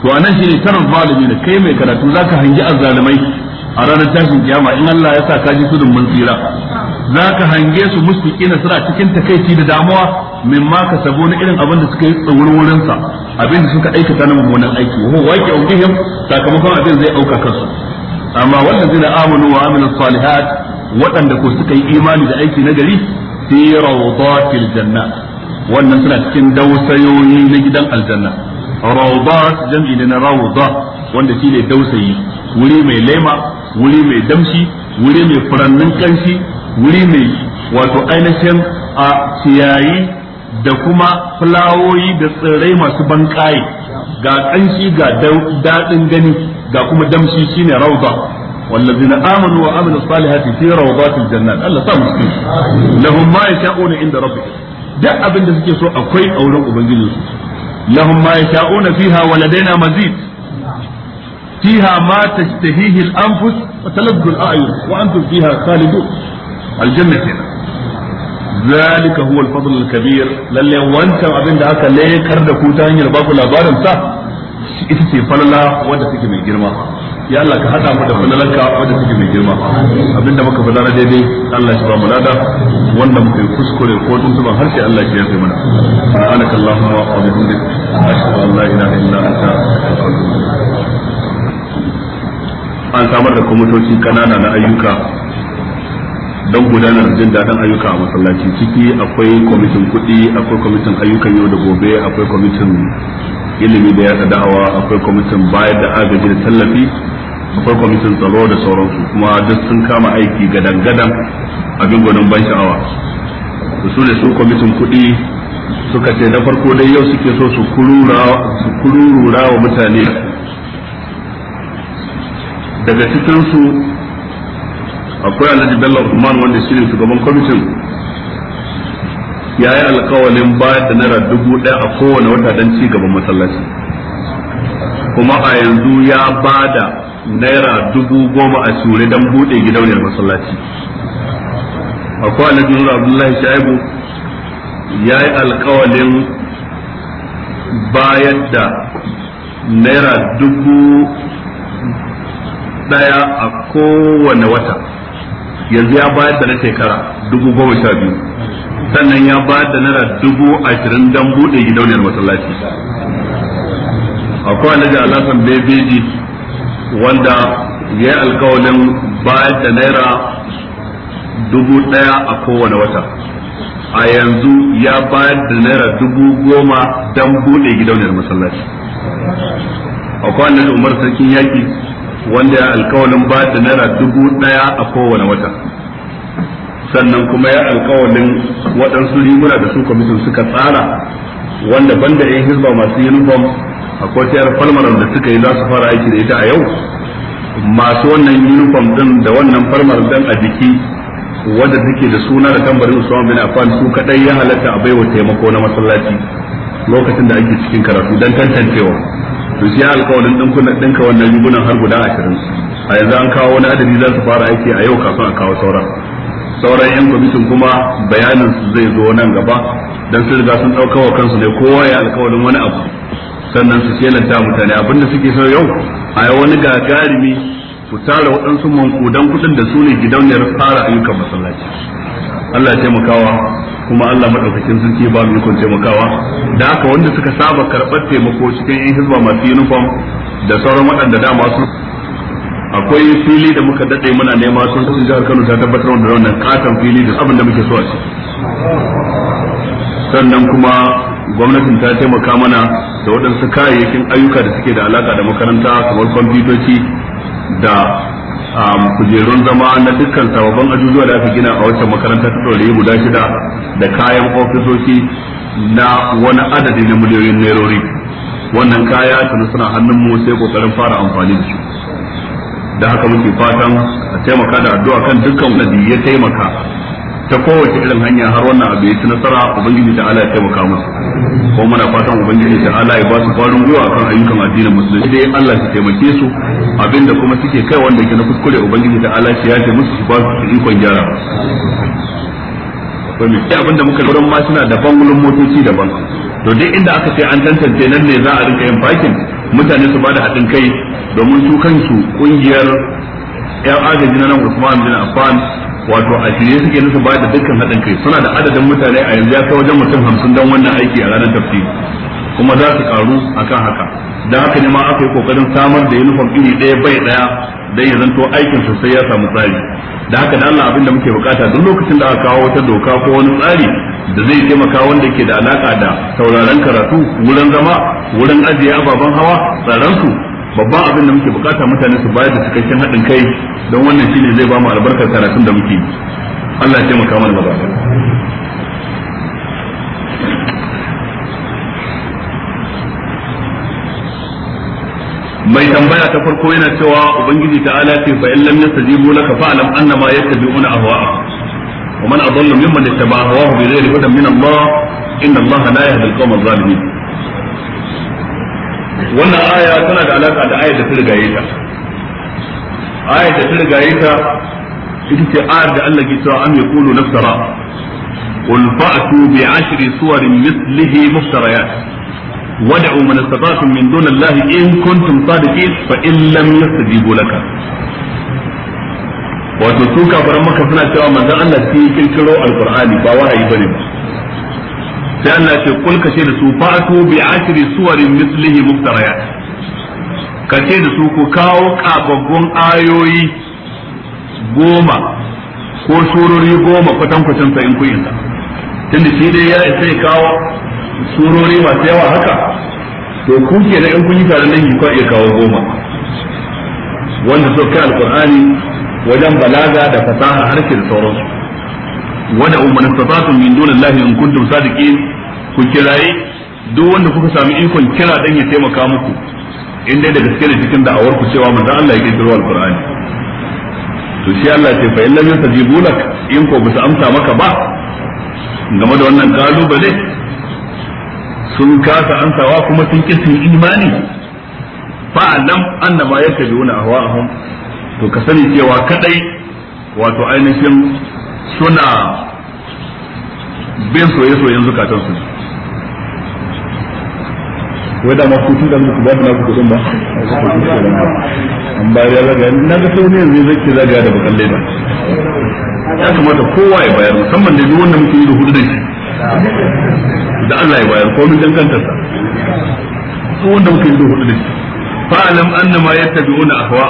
to anan shine tarar zalimi ne kai mai karatu zaka hangi azzalimai a ranar tashin kiyama in Allah ya sa ka ji tudun mun tsira za ka hange su mustiqina suna cikin takaici da damuwa mimma ka sabo na irin abin da suka yi tsawurwurin sa abin da suka aikata na mummunan aiki wa waqi ubihim sakamakon abin zai auka kansu amma wannan zina amanu wa Amina salihat waɗanda ko suka yi imani da aiki na gari fi rawdatil janna wannan suna cikin dausayoyi na gidan aljanna rawdat jam'i na rawda wanda shine dausayi wuri mai lema wuri mai damshi wuri mai furannin kanshi wuri mai wato ainihin a ciyayi da kuma fulawoyi da tsirrai masu banƙaye ga kanshi ga daɗin gani ga kuma damshi shine rauda والذين آمنوا وعملوا الصالحات في روضات الجنات الله سامو سكين لهم ما يشاءون عند ربهم duk abin da suke so akwai a wurin ubangijinsu lahum ma na fiha ladaina فيها ما تشتهيه الأنفس وتلذ الأعين وأنتم فيها خالدون الجنة هنا ذلك هو الفضل الكبير للي وانت abin da aka lekar da ku ta hanyar babu labarin sa ita ce falala wadda take mai girma ya Allah ka hada mu da falalanka wadda take mai girma abinda muka faɗa na daidai Allah shi ba mu lada wanda muka yi kuskure ko tun tuban harshe Allah shi ya fi mana subhanakallahumma wa bihamdika ashhadu an samar da kwamitoci kanana na ayyuka don gudanar jin daɗin ayyuka a masallaci ciki akwai kwamitin kuɗi akwai kwamitin ayyukan yau da gobe akwai kwamitin ilimi da yaɗa da'awa akwai kwamitin bayar da agaji da tallafi akwai kwamitin tsaro da sauransu kuma duk sun kama aiki gadan-gadan abin gwanin ban sha'awa su ne su kwamitin kuɗi suka ce na farko dai yau suke so su kurura wa mutane daga cikinsu akwai alhaji bello usman wanda shi ne shugaban kwamitin ya yi alkawalin bayar da naira dubu ɗaya a kowane wata don ci gaban masallaci kuma a yanzu ya ba da naira dubu goma a shure don buɗe gidauniyar masallaci akwai alhaji nura abdullahi shaibu ya yi alkawalin bayar da naira dubu daya a kowane wata yanzu ya bayar da na shekara dubu goma sha biyu sannan ya bayar da naira dubu ashirin don buɗe gidauniyar masallaci akwai alhaji alasan bebeji wanda ya yi alkawalin bayar da naira dubu ɗaya a kowane wata a yanzu ya bayar da naira dubu goma don buɗe gidauniyar masallaci akwai alhaji umar sarkin yaki wanda ya alkawalin ba da naira dubu daya a kowane wata sannan kuma ya alkawalin waɗansu riguna da su kwamitin suka tsara wanda banda yan hisba masu uniform a tayar falmarar da suka yi za su fara aiki da ita a yau masu wannan uniform din da wannan farmar dan a jiki wadda take da suna da tambarin Usman bin Affan su kadai ya halatta a baiwa taimako na masallaci lokacin da ake cikin karatu don tantancewa to shi alƙawarin dinkunan dinka wannan rigunan har guda 20 a yanzu an kawo wani adadi za su fara aiki a yau kafin a kawo sauran sauran yan komishin kuma bayanin su zai zo nan gaba dan sun riga sun dauka wa kansu ne kowa ya alƙawarin wani abu sannan su shelanta mutane abin da suke so yau a yi wani gagarumi ku tara waɗansu mankudan kuɗin da su ne gidauniyar fara ayyukan masallaci Allah ya taimakawa kuma Allah madaukakin sarki ba mu ikon taimakawa da aka wanda suka saba karɓar taimako cikin yan hizba masu uniform da sauran waɗanda dama su akwai fili da muka daɗe muna nema sun sun jihar Kano ta tabbatar da wannan katon fili da abin da muke so a ci sannan kuma gwamnatin ta taimaka mana da waɗansu kayayyakin ayyuka da suke da alaka da makaranta kamar kwamfutoci da Um, kujerun zama na dukkan sababbin ajujuwa da aka gina a wacce makaranta ta ɗaure guda shida da kayan ofisoshi na wani adadi na miliyoyin nerori wannan kaya tuni suna hannunmu sai kokarin fara amfani da shi da haka muke fatan a taimaka da addu'a kan dukkan wanda ya taimaka ta kowace irin hanya har wannan abu ya ci nasara ubangiji ta ala ya taimaka musu ko muna fatan ubangiji ta ala ya ba su kwarin gwiwa kan ayyukan addinin musulunci dai Allah ya taimake su abinda kuma suke kai wanda ke na kuskure ubangiji ta ala ya ce musu su ba su ikon gyara to me sai abinda muka lura ma suna da bangulun motoci daban to duk inda aka ce an tantance nan ne za a rinka yin parking mutane su bada haɗin kai domin su kansu kungiyar ya agaji na nan Usman bin Affan wato a shirye suke nusu ba da dukkan haɗin kai suna da adadin mutane a yanzu ya kai wajen mutum hamsin don wannan aiki a ranar tafi kuma za su karu akan haka da haka ne ma aka yi kokarin samar da yunifom iri ɗaya bai ɗaya don ya zanto aikin sosai ya samu tsari da haka da Allah abin da muke bukata duk lokacin da aka kawo wata doka ko wani tsari da zai taimaka wanda ke da alaka da sauraron karatu wurin zama wurin ajiye ababen hawa tsaransu babban abin da muke bukata mutane su bayar da cikakken haɗin kai don wannan shine zai ba mu albarkar karatun da muke Allah ya taimaka maza mai tambaya ta farko yana cewa ubangiji ta'ala ce fa in lam yastajibu laka fa alam annama yattabi'una ahwa'ahum wa man adallu mimman ittaba'a hawahu bighairi hudan min Allah inna Allah la yahdi al-qawma adh-dhalimin wannan aya tana da alaka da ayar da ta rigaye ta ayar da ta rigaye ta ita ce ayar da Allah ke cewa am yaqulu naftara qul fa'tu bi ashri suwarin mithlihi muftariyat wad'u man istata'tum min dunillahi in kuntum sadiqin fa in lam yastajibu laka wato su kafaran maka suna cewa manzon Allah sai kinkiro alqur'ani ba wahayi bane ba sai Allah ce kul ce da su fatu bi asri suwarin mislihi muftariyat kace da su ku kawo kababban ayoyi goma ko surori goma kwatan kwatan sa in kuyin yinsa tunda shi dai ya sai kawo surori masu yawa haka to ku ke da in kuyi tare nan ku iya kawo goma wanda so kai alqur'ani wajen balaga da fasaha harshe da sauransu wada umman istata'tum min dunillahi in kuntum sadiqin ku kirayi duk wanda kuka sami ikon kira dan ya taimaka muku in dai da gaske da cikin da'awar ku cewa manzon Allah ya kirkiro alqur'ani to shi Allah ce fa in lam yastajibu lak in ko bisa amsa maka ba game da wannan kalubale sun kasa ansawa kuma sun ki sun imani fa alam annama yattabi'una ahwa'ahum to ka sani cewa kadai wato ainihin suna bin soye-soyen su wai da masu tun da su ba na kuɗin ba an bari ya zaga na ga sau ne zai zai zaga da bakan leda ya kamata kowa ya bayar musamman da duk wanda muke yi da hudu da shi da Allah ya bayar ko min kantarsa ko wanda muke yi da hudu da shi fa'alam annama na afuwa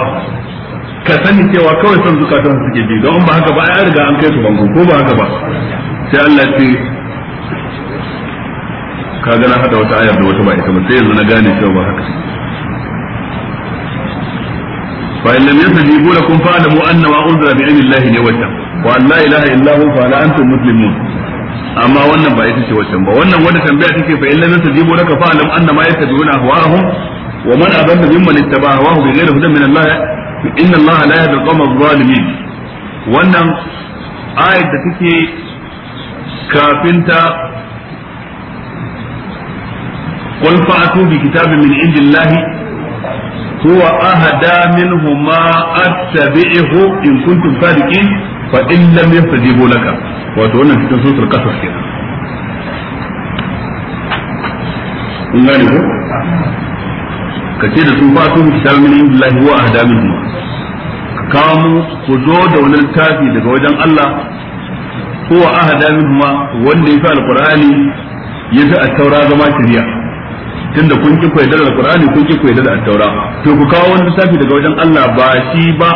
ka sani cewa kawai son zukatan suke bi don ba haka ba ai riga an kai su bango ko ba haka ba sai Allah ce ka ga na hada wata ayar da wata ba ita ba sai yanzu na gane cewa ba haka fa in lam yastajibu lakum fa'lamu anna ma unzila bi ilmi Allah ne wata wa an la ilaha illa hu fa la antum muslimun amma wannan ba ita ce waccan ba wannan wanda tambaya take fa in lam yastajibu laka fa'lam anna ma yattabi'una ahwa'ahum wa man adalla mimman ittaba'a hawahu bighayri hudan min Allah inna allaha la yahdi al-qawma wannan ayat da take kafinta qul fa'atu bi kitabin min indillahi هو أهدى in أتبعه إن كنتم صادقين فإن لم يستجيبوا لك وتقولنا في سورة القصص كده kun gane ko ka ce da sun fa su kitabin min indillahi wa ahda minhum kamu ku zo da wani littafi daga wajen Allah ko huwa ahada minhuma wanda yafi alqur'ani yafi at-taura zama shari'a tunda kun ki koyi da alqur'ani kun ki koyi da at-taura to ku kawo wani littafi daga wajen Allah ba shi ba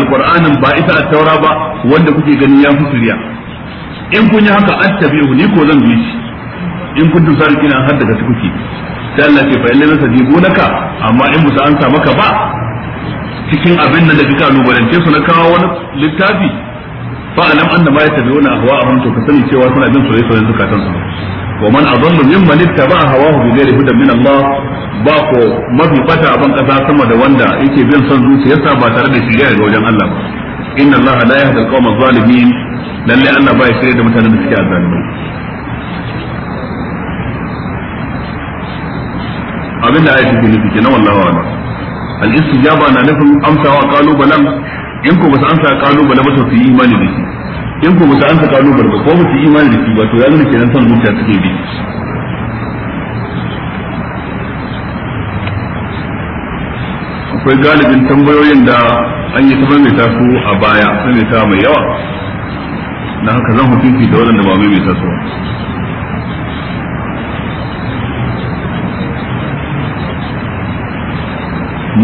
alqur'anin ba ita at-taura ba wanda kuke ganin ya fi shari'a in kun yi haka attabihu ni ko zan bi shi in kun tusar kina har daga kuke sai Allah ce fa illam sajibu naka amma in musa an maka ba cikin abin da ka kalubalance su na kawo wani littafi fa alam anna ma yattabi'una ahwa'ahum to ka cewa suna bin soyayyen zakatan su wa man adallu mimman ittaba'a hawahu bi ghairi hudan min Allah ba ko mafi fata abin kasa sama da wanda yake bin son zuciyarsa ba tare da shiga daga wajen Allah ba inna Allah la yahdi al-qawma adh-dhalimin lalle Allah ba ya shirya da mutanen da suke azzalimai abin da ayatu ke nufi kenan wallahi wa'ala al-istijaba na nufin amsawa kalubalen in ko ba su amsa kalubale ba su yi imani da shi in ko ba su amsa kalubale ba ko ba su yi imani da shi ba to ya zama kenan son zuciya take bi akwai galibin tambayoyin da an yi ta maimaita su a baya maimaita mai yawa na haka zan hukunci da waɗanda ba maimaita su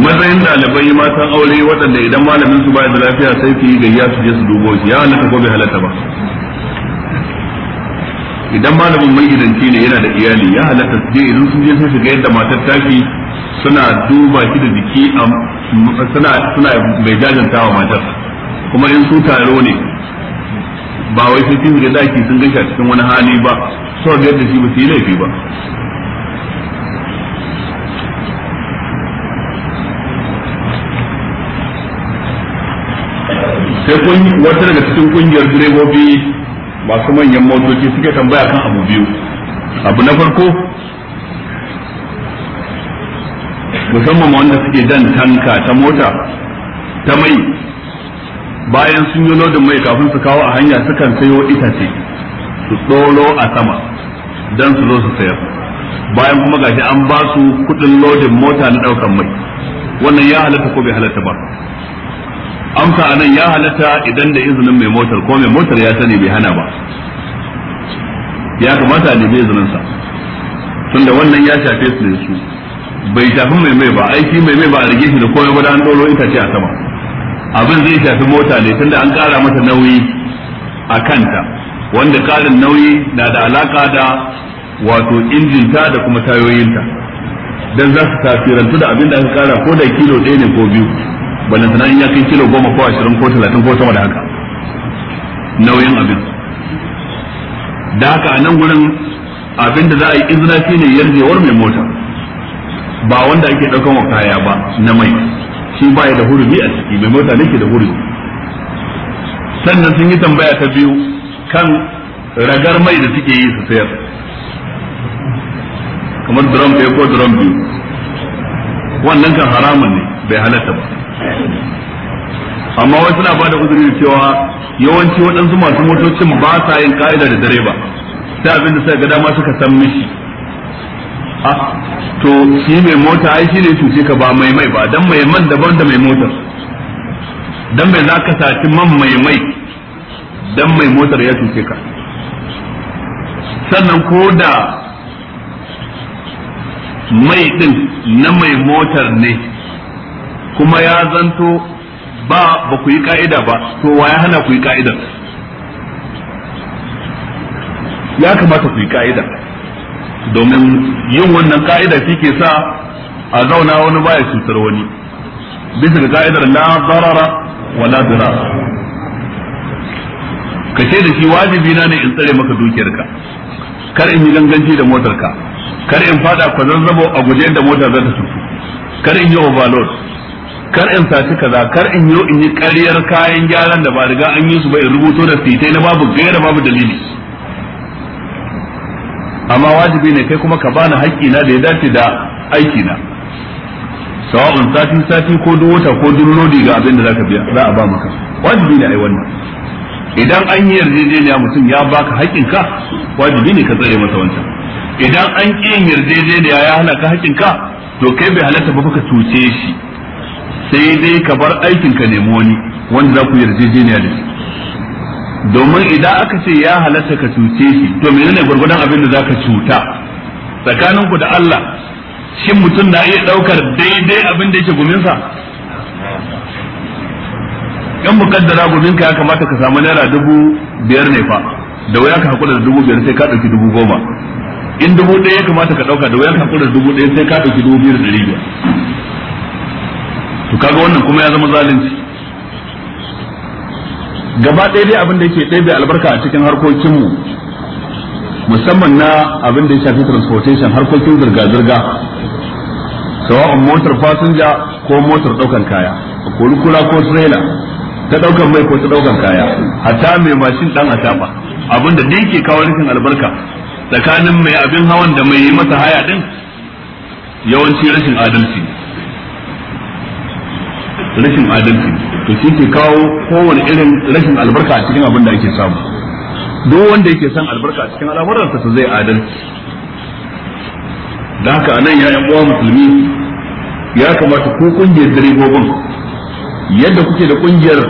matsayin dalibai matan aure waɗanda idan malamin su baya da lafiya sai su yi gayya su je su dubo shi ya wani kafa bai halatta ba idan malamin magidanci ne yana da iyali ya halatta su je idan sun je sun shiga yadda matar tashi suna duba shi da jiki suna suna bai jajanta wa matar kuma in su taro ne ba wai sai sun shiga daki sun gasha cikin wani hali ba su ga yadda shi ba su yi laifi ba sai wata daga cikin kungiyar direbobi masu manyan motoci suke tambaya kan abu biyu abu na farko musamman wanda suke dan tanka ta mota ta mai bayan sun yi lodin mai kafin su kawo a hanya sukan sayo itace su tsoro a sama don su zo su sayar bayan kuma gashi an ba su kudin lodin mota na daukan mai wannan ya halatta ko bai halatta ba amsa anan ya halatta idan da izinin mai motar ko mai motar ya sani bai hana ba ya kamata a nemi izinin sa tunda wannan ya shafe su ne su bai shafi mai mai ba aiki mai mai ba a rige shi da komai gudan dolo ita ce a sama abin zai shafi mota ne tunda an kara mata nauyi a kanta wanda karin nauyi na da alaka da wato injinta da kuma tayoyinta dan za su tafirantu da abin da aka kara ko da kilo ɗaya ne ko biyu balantana in ya kai kilo goma ko ashirin ko talatin ko sama da haka nauyin abin da haka a nan gurin abin da za a yi izina shi ne yarjewar mai mota ba wanda ake ɗaukan wa kaya ba na mai shi ba ya da hurumi a ciki mai mota ne ke da hurumi sannan sun yi tambaya ta biyu kan ragar mai da suke yi su sayar kamar drum ɗaya ko drum biyu wannan kan haramun ne bai halatta ba amma wasu na bada uzuri da cewa yawanci waɗansu masu motocin ba sa yin ka'ida da direba sai abinda sai ga dama suka san mishi to shi mai mota ai shi ne cuce ka ba mai mai ba dan mai man daban da mai motar dan mai za ka saci man mai mai dan mai motar ya cuce ka sannan ko da mai din na mai motar ne kuma ya zanto ba ba ku yi ka'ida ba to wa ya hana ku yi ka'idar ya kamata ku yi ka'ida domin yin wannan ka'ida shi ke sa a zauna wani baya cutar wani bisa ga ka'idar la zarara wa la dirara ka ce da shi wajibi na ne in tsare maka dukiyarka kar in yi ganganci da motarka kar in fada kwazazzabo a guje da motar za ta cutu kar in yi overload kar in saci kaza kar in yi in yi ƙaryar kayan gyaran da ba riga an yi su ba in rubuto da fitai na babu gaira babu dalili amma wajibi ne kai kuma ka bani haƙƙi na da ya dace da aiki na sawa'un sati sati ko duk wata ko duk lodi ga abin da zaka biya za a ba maka wajibi ne ai wannan idan an yi yarjejeniya mutum ya baka haƙƙin ka wajibi ne ka tsare masa wancan idan an ƙi yarjejeniya ya hana ka haƙƙin ka to kai bai halatta ba ka tuce shi sai dai ka bar aikin ka nemi wani wanda za ku yarjejeniya da shi domin idan aka ce ya halatta ka cuce shi to menene gurgurdan abin da zaka cuta tsakanin ku da Allah shin mutum na iya daukar daidai abin da yake guminsa yan mukaddara gumin ka ya kamata ka samu naira dubu biyar ne fa da waya ka hakura da dubu biyar sai ka dauki dubu goma in dubu ɗaya ya kamata ka dauka da waya ka hakura da dubu ɗaya sai ka dauki dubu biyar da ɗari biyar to kaga wannan kuma ya zama zalunci gaba ɗaya dai abin da yake ɗaya bai albarka a cikin harkokinmu musamman na abin da ya shafi transportation harkokin zirga-zirga sawa'un motar fasinja ko motar ɗaukan kaya ko kura ko trailer ta ɗaukan mai ko ta ɗaukan kaya hatta mai mashin ɗan a atafa abin da ke kawo rikin albarka tsakanin mai abin hawan da mai yi masa haya ɗin yawanci rashin adalci rashin adalci to shi ke kawo kowane irin rashin albarka a cikin abin da ake samu duk wanda yake son albarka a cikin al'amuransa to zai adalci da haka anan ya yan uwa musulmi ya kamata ko kungiyar direbobin yadda kuke da kungiyar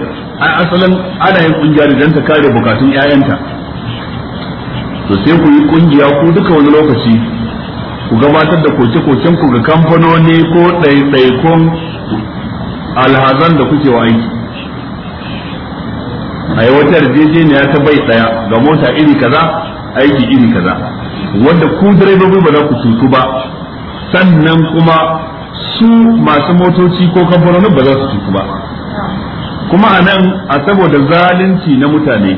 a asalin ana yin kungiya da ta kare bukatun 'ya'yanta to sai ku yi kungiya ku duka wani lokaci ku gabatar da koke-koken ku ga kamfanoni ko ɗaiɗaikon alhazan da kuke wa aiki a yi wata yarjejeniya ta bai tsaya ga mota iri kaza aiki iri kaza wanda ku direbobi ba za ku cutu ba sannan kuma su masu motoci ko kamfanonin ba za su cutu ba kuma a nan a saboda zalunci na mutane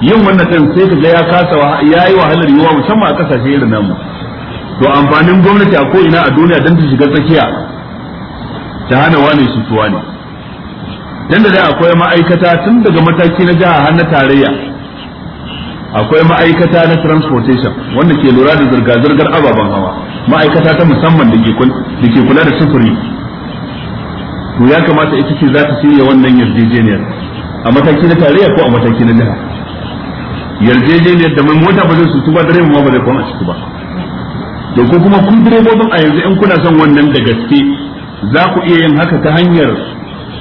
yin wannan ɗin sai ka ga ya kasa ya yi wahalar yiwa musamman a kasashe irin namu to amfanin gwamnati a ko ina a duniya don ta shiga tsakiya ta hana wani tuwa ne yadda da akwai ma'aikata tun daga mataki na jiha har na tarayya akwai ma'aikata na transportation wanda ke lura da zirga-zirgar ababen hawa ma'aikata ta musamman da ke kula da sufuri to ya kamata ita ce za ta shirya wannan yarjejeniyar a mataki na tarayya ko a mataki na jiha yarjejeniyar da mai mota ba zai su ba dare ma ba zai kwana ciki ba da ko kuma kun direbobin a yanzu in kuna son wannan da gaske za ku iya yin haka ta hanyar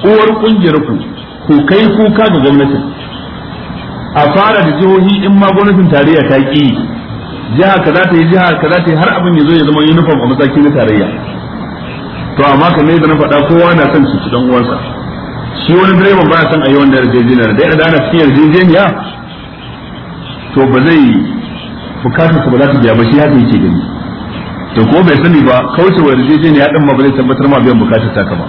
uwar kungiyar ku ku kai kuka ga gwamnatin a fara da jihohi in ma gwamnatin tarayya ta ki jiha kaza ta yi jiha kaza ta yi har abin ya zo ya zama uniform a mataki na tarayya to amma kamar da na faɗa kowa na son su dan uwansa shi wani direban ba son a yi wanda yarjejeniya da yadda ana cikin yarjejeniya to ba zai bukatar ba za ta biya ba shi haka yake gani to ko bai sani ba kauce wa ya dan ma bai tabbatar ma biyan bukatar ta kama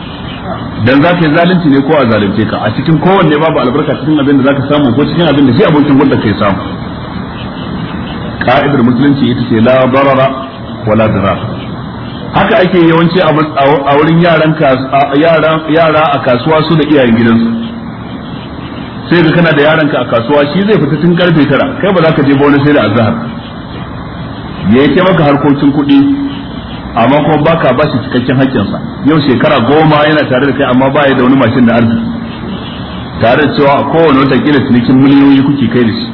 dan zaka zalunci ne ko a zalunce ka a cikin kowanne babu albarka cikin abin da zaka samu ko cikin abin da shi abokin gurda kai samu ka'idar musulunci ita ce la darara wala dara haka ake yawanci a wurin yaran yara a kasuwa su da iyayen gidansu sai ka kana da ka a kasuwa shi zai fita tun karfe tara kai ba za ka je ba wani sai da azhar ya yi maka harkokin kuɗi amma kuma baka ba shi cikakken haƙƙinsa yau shekara goma yana tare da kai amma ba ya da wani mashin da arziki tare da cewa a kowane wata kila cinikin miliyoyi kuke kai da shi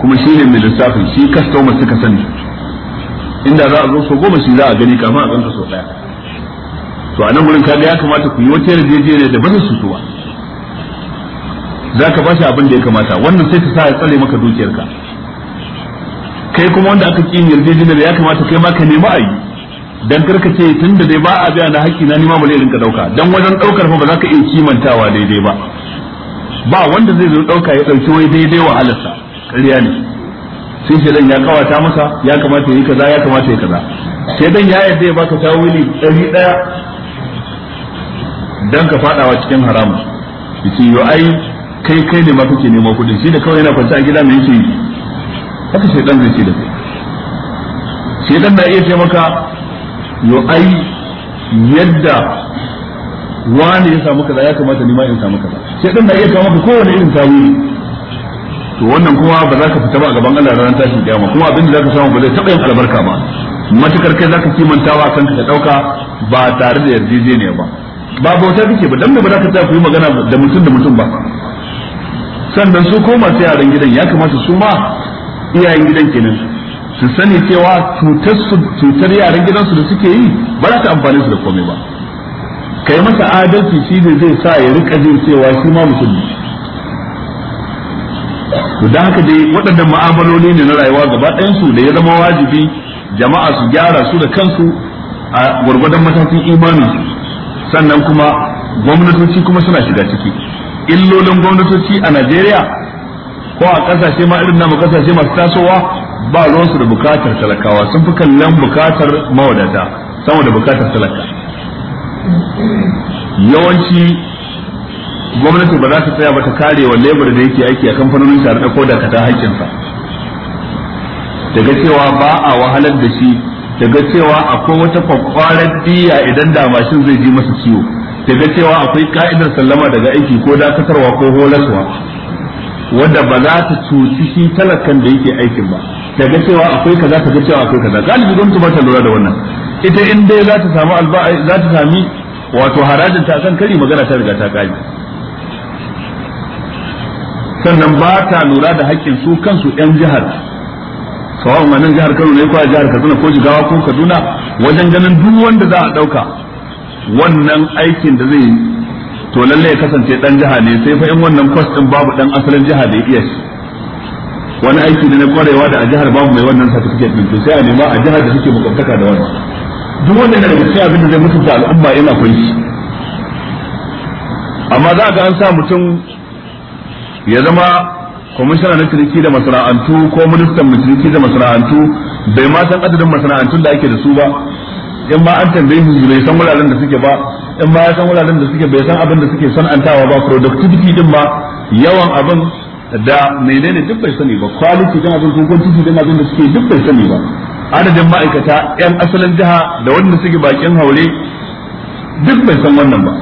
kuma shi ne mai lissafin shi kastomar suka sani inda za a zo so goma shi za a gani kama a ganka so ɗaya to a nan wurin kaga ya kamata ku yi wata yarjejeniya da ba su suwa za ka ba shi abin da ya kamata wannan sai ta sa ya tsare maka dukiyarka kai kuma wanda aka ƙi yarjejeniyar ya kamata kai ma ka nema a yi dan karka ce tun da dai ba a biya na haƙƙi na nima bale rinka ɗauka dan wajen ɗaukar fa ba za ka iya kimantawa daidai ba ba wanda zai zo ɗauka ya ɗauki wai daidai wa halarsa ƙarya ne sai shi dan ya kawata masa ya kamata ya yi kaza ya kamata ya kaza sai dan ya yarda ya baka tawili ɗari ɗaya dan ka faɗawa cikin haramun yace yo ai kai kai ne ma kake nemo kuɗin shi da kawai yana kwance a gida mai yake haka shaidan zai ce da kai shaidan na iya ce maka yo ai yadda wani ya samu kaza ya kamata ni ma in samu kaza shaidan na iya ce maka kowane irin tawili to wannan kuma ba za ka fita ba a gaban Allah ranar tashin kiyama kuma abin da za ka samu ba zai taɓa yin albarka ba matukar kai za zaka kimantawa kan ka dauka ba tare da yarjejeniya ba ba bauta kake ba dan da ba za ka tsaya ku yi magana da mutum da mutum ba sannan su koma sai yaran gidan ya kamata su ma iyayen gidan kenan su sani cewa cutar su cutar yaran gidansu da suke yi ba za ta amfani su da komai ba kai masa adalci shi ne zai sa ya rika jin cewa shi ma mutum to da haka dai waɗannan ma'amaloli ne na rayuwa gaba ɗayan su da ya zama wajibi jama'a su gyara su da kansu a gurgurdan matakin imani sannan kuma gwamnatoci kuma suna shiga ciki illolin gwamnatoci a Najeriya ko a kasashe ma irin namu kasashe masu tasowa ba ruwansu da bukatar talakawa sun fi kallon bukatar mawadata sama da bukatar talaka yawanci gwamnati ba za ta tsaya ba ta kare wa lebur da yake aiki a kamfanonin tare da koda kata haƙƙinsa daga cewa ba a wahalar da shi daga cewa akwai wata kwakwarar diya idan da mashin zai ji masa ciwo daga cewa akwai ka'idar sallama daga aiki ko dakatarwa ko holaswa Wanda ba za ta cuci shi talakan da yake aikin ba ta ga cewa akwai kaza ta ga cewa akwai kaza galibi gwamnati ba ta lura da wannan ita in dai za ta samu alba za ta sami wato harajin ta kan kari magana ta riga ta kai sannan ba ta lura da haƙƙin su kansu yan jihar sawa'un ma nan jihar Kano ne ko jihar Katsina ko Jigawa ko Kaduna wajen ganin duk wanda za a ɗauka wannan aikin da zai to lalle ya kasance dan jiha ne sai fa in wannan kwas din babu dan asalin jiha da ya iya shi wani aiki ne na kwarewa da a jihar babu mai wannan certificate din to sai a nema a jihar da suke makwabtaka da wannan duk wanda yana daga cikin abin da zai mutunta al'umma yana kunshi amma za ga an sa mutum ya zama kwamishina na ciniki da masana'antu ko ministan ciniki da masana'antu bai ma san adadin masana'antun da ake da su ba in ma an tambaye su bai san wuraren da suke ba in ba ya san wuraren da suke bai san abin da suke antawa ba productivity din ba yawan abin da menene duk bai sani ba quality din abin ko quantity din abin da suke duk bai sani ba adadin ma'aikata yan asalin jiha da wanda suke bakin haure duk bai san wannan ba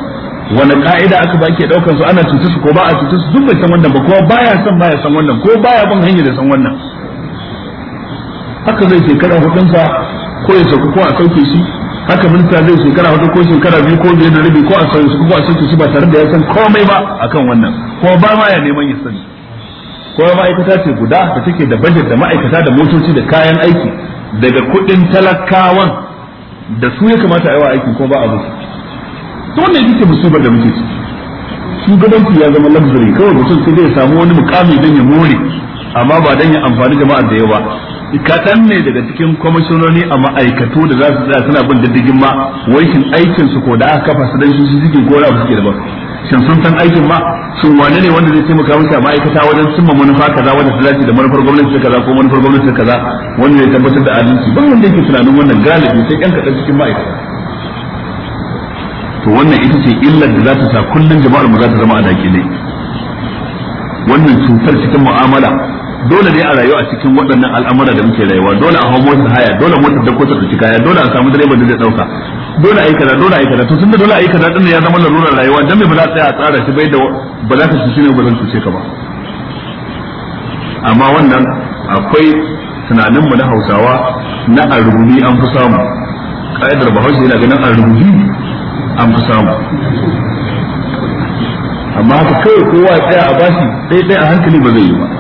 wani ka'ida aka ba ke daukan su ana cutu su ko ba a cutu su duk bai san wannan ba ko baya san baya san wannan ko baya bin hanyar da san wannan haka zai kada hukunta ko ya sauka ko a sauke shi haka minista zai shekara wata ko shekara biyu ko biyar da rubi ko a sauye su ko a sauke shi ba tare da ya san komai ba akan wannan ko ba ma ya neman ya sani ko ma'aikata ce guda da take da bajet da ma'aikata da motoci da kayan aiki daga kuɗin talakawan da su ya kamata a yi wa aikin ko ba a zuci to wannan yake musibar da muke ciki shugabanci ya zama luxury kawai mutum sai zai samu wani mukami don ya more amma ba don ya amfani jama'ar da yawa kaɗan ne daga cikin kwamishinoni a ma'aikatu da za su tsaya suna bin diddigin ma wai aikin su ko da aka kafa su dan su suke ko abu suke da ba shin sun san aikin ma shin wane ne wanda zai taimaka musu a ma'aikata wajen cimma manufa kaza wanda su dace da manufar gwamnati kaza ko manufar gwamnati kaza wanda zai tabbatar da adalci ba wanda yake tunanin wannan galibi sai yan kaɗan cikin ma'aikata to wannan ita ce illar da za ta sa kullum jama'ar mu za ta zama a dakile wannan cutar cikin mu'amala dole ne a rayu a cikin waɗannan al'amura da muke rayuwa dole a hau motar haya dole motar da kotar da kaya dole a samu direban da zai dauka dole a yi kaza dole a yi kaza to tunda dole a yi kaza din ya zama larurar rayuwa dan me ba za a tsaya a tsara shi bai da ba za ka shi ne ba zan cuce ka ba amma wannan akwai tunanin mu na Hausawa na arubi an fi samu kaidar Bahaushe yana ganin arubi an fi samu amma haka kai kowa tsaya a bashi dai dai a hankali ba zai yi ba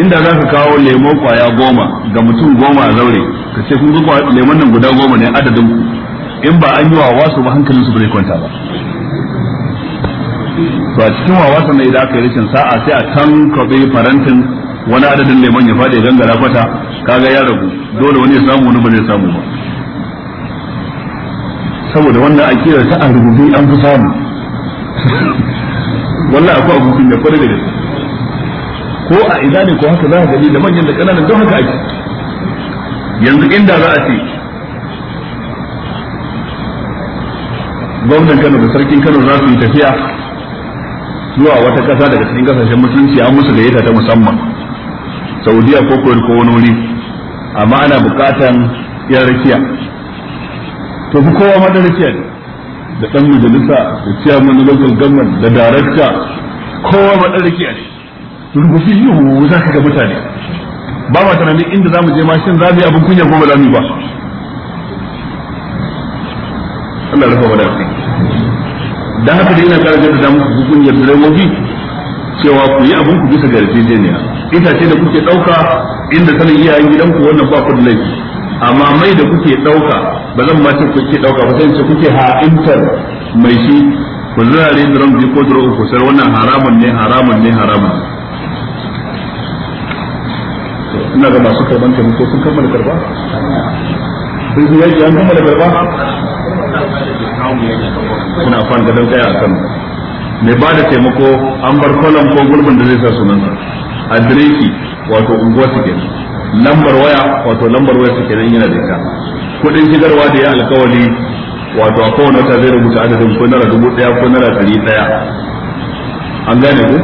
inda za ka kawo lemon kwaya goma ga mutum goma a zaure ka ce kun ga lemon nan guda goma ne adadin ku in ba an yi wa wasu ba hankalin su bai kwanta ba to a cikin wawa sannan idan aka yi rashin sa'a sai a can kwabe farantin wani adadin lemon ya faɗi gangara kwata kaga ya ragu dole wani ya samu wani ba zai samu ba saboda wannan kira ta a rubutu an fi samu wallahi akwai abokin da kwarai da gaske ko a ina ne ko haka za ka gani da manyan da kananan don haka ake yanzu inda za a ce gwamnan Kano da sarkin Kano za su yi tafiya zuwa wata kasa daga cikin kasashen musulunci an musu gayyata ta musamman Saudiya ko Kuwait ko wani wuri amma ana bukatan yan rakiya to fi kowa ma da rakiya ne da dan majalisa da ciyar na local gwamnan da darakta kowa ma da rakiya ne rubuci yiwu za ka ga mutane ba ma tunanin inda za mu je mashin za mu yi abin kunya ko ba za mu yi ba Allah rufa wada dan haka dai ina kara ku muku hukun yadda direbobi cewa ku yi abin ku bisa ga yarjejeniya itace da kuke dauka inda sanin iyayen gidanku wannan ba ku da laifi amma mai da kuke dauka ba zan ma ce kuke dauka ba sai kuke ha'intar mai shi ku zirare drum biyu ko drum ku sai wannan haramun ne haramun ne haramun ne ina ga masu karban taimako sun kammala karba sun yi yaki an kammala karba kuna kwan gadon kaya a kano mai ba da taimako an bar kolon ko gurbin da zai sa sunansa adireki wato unguwa su kenan lambar waya wato lambar waya su kenan yana da ita kudin shigarwa da ya alkawali wato a kowane wata zai rubuta adadin ko nara dubu daya ko nara dari daya an gane ku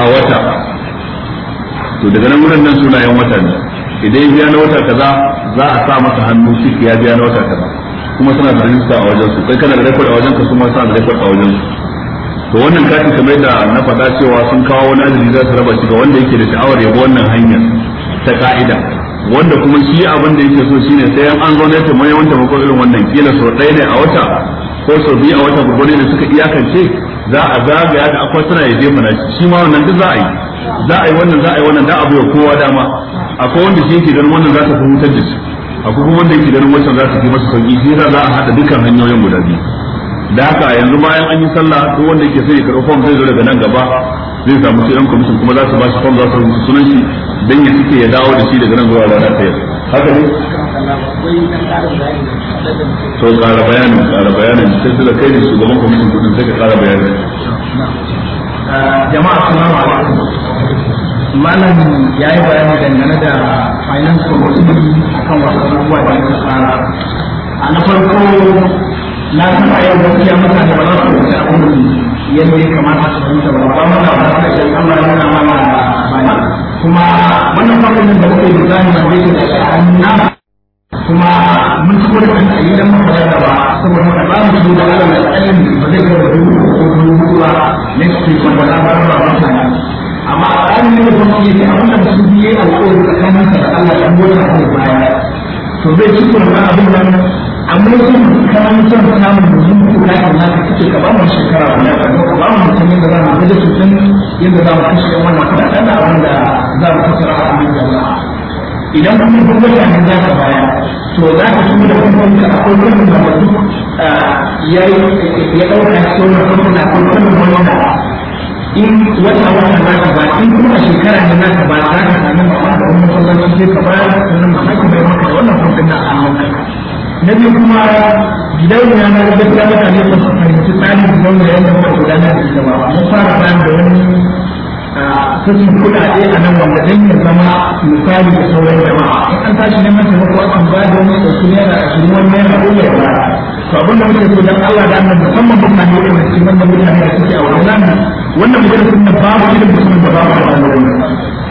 a wata to daga nan wurin nan sunayen wata ne idan ya biya na wata kaza za a sa masa hannu shi ya biya na wata kaza kuma suna da rijista a wajen su kai kana da rekod a wajen ka kuma suna da rekod a wajen su to wannan kati kamar da na faɗa cewa sun kawo wani adadi za su raba shi ga wanda yake da sha'awar yabo wannan hanyar ta ka'ida wanda kuma shi abin da yake so shine sai an an zauna ta mai wanda irin wannan kila sau ɗaya ne a wata ko sau biyu a wata gurgurai da suka iyakance za a zagaya da akwai suna yaje mana shi ma wannan duk za a yi za a yi wannan za a yi wannan da abu ya kowa dama akwai wanda shi yake ganin wannan za ta fi hutar da shi akwai kuma wanda yake ganin wancan za ta fi masa sauki shi yasa za a haɗa dukkan hanyoyin guda biyu da haka yanzu bayan an yi sallah ko wanda yake sai ya karɓi fom zai zo daga nan gaba zai samu sai yan kwamishin kuma za su ba shi fom za su rubuta sunan shi dan ya tike ya dawo da shi daga nan zuwa ranar ta yau haka ne to kara bayanin kara bayanin sai su da kai ne shugaban kwamitin kudin sai ka kara jama'a ya yi bayani dangane da finance committee wasu abubuwa da ya tsara a na farko na san a yau gaskiya mutane ba za su wuce abin yadda ya kamata su fahimta ba ba mana ba mana ba kuma wannan mu su da Allah mai tsayin ba zai ga dubu ko ba ne su da ba ba ba ta amma an yi da kuma yake a wannan su biye sa da Allah dan gota ta baya to zai ci kuma abin nan amma kan san ko da Allah ka kace ka ba mu shekara ba mu yadda za mu kaje su san yadda za mu kashe wannan da wanda za mu idan kuma kun wata ne za ka baya to za ka tuni da kuma ka akwai kuma da wasu ah, ya ya dauka so na kuma na kuma kuma wanda in wata wata za ta ba in kuma shekara ne na ta ba za ka samu ba da wani ba sai ka bayar da sunan mamaki bai maka wannan kuma na hannunka na biyu kuma gidauniya na gaskiya mutane ba su fahimci tsarin gidauniya yadda muka gudanar da ita ba mun fara bayan da wani kashe kuɗaɗe a nan wanda zai ya zama misali da sauran jama'a an tashi neman taimako akan ba da wani ɗauki naira ashirin wani naira goma ya bara to abin da muke so dan Allah da annabi musamman mutane da wani cikin wannan mutane da suke a wannan wannan mutum sun da babu irin mutumin da babu a wannan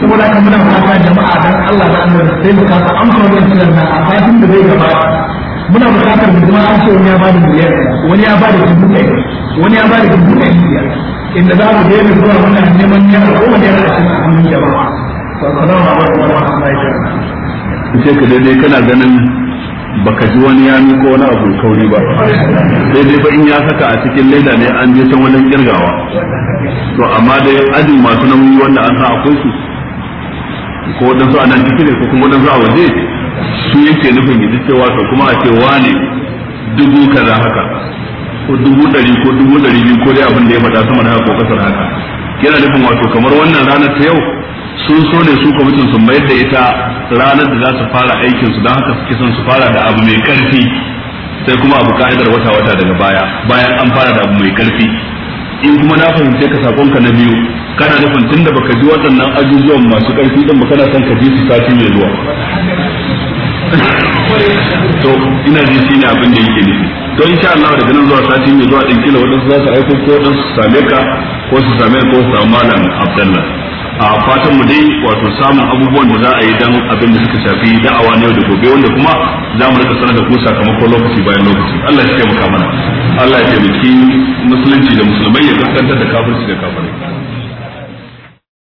saboda haka muna fata jama'a dan Allah da annabi sai mu kasa amsa wannan kiran nan a fatin da zai gabata muna buƙatar mu kuma an ce wani ya bada miliyan wani ya bada dubu ɗaya wani ya bada dubu ɗari inda za mu daina zuwa muna neman yara ko wani yara shi a hannun jama'a sallallahu alaihi wa sallam ce ka daidai kana ganin baka ji wani ya miko wani abu kauri ba daidai ba in ya saka a cikin leda ne an je can wajen kirgawa to amma dai ajin masu nauyi wanda an sa akwai su ko wadansu a nan cikin ko kuma wadansu a waje su yake nufin yi cewa to kuma a ce wane dubu kaza haka ko dubu ɗari ko dubu ɗari biyu ko dai abin da ya fada sama da haka ko kasar haka yana nufin wato kamar wannan ranar ta yau sun so ne su kwamitin su mayar da ita ranar da za su fara aikin su don haka suke son su fara da abu mai karfi sai kuma abu ka'idar wata wata daga baya bayan an fara da abu mai karfi in kuma na fahimce ka sakonka na biyu kana nufin tunda baka ji waɗannan ajujuwan masu karfi din ba kana son ka ji su sati mai zuwa to ina ji ne abin da yake nufi to insha Allah daga nan zuwa sati mai zuwa din kila wadansu za su aika ko dan su same ka ko su same ko su samu malam Abdullah a fatan mu dai wato samun abubuwan da za a yi dan abin da suka shafi da'awa ne da gobe wanda kuma za mu rika sanar da ku sakamakon lokaci bayan lokaci Allah ya taimaka mana Allah ya taimaki musulunci da musulmai ya kaskantar da kafirci da kafirai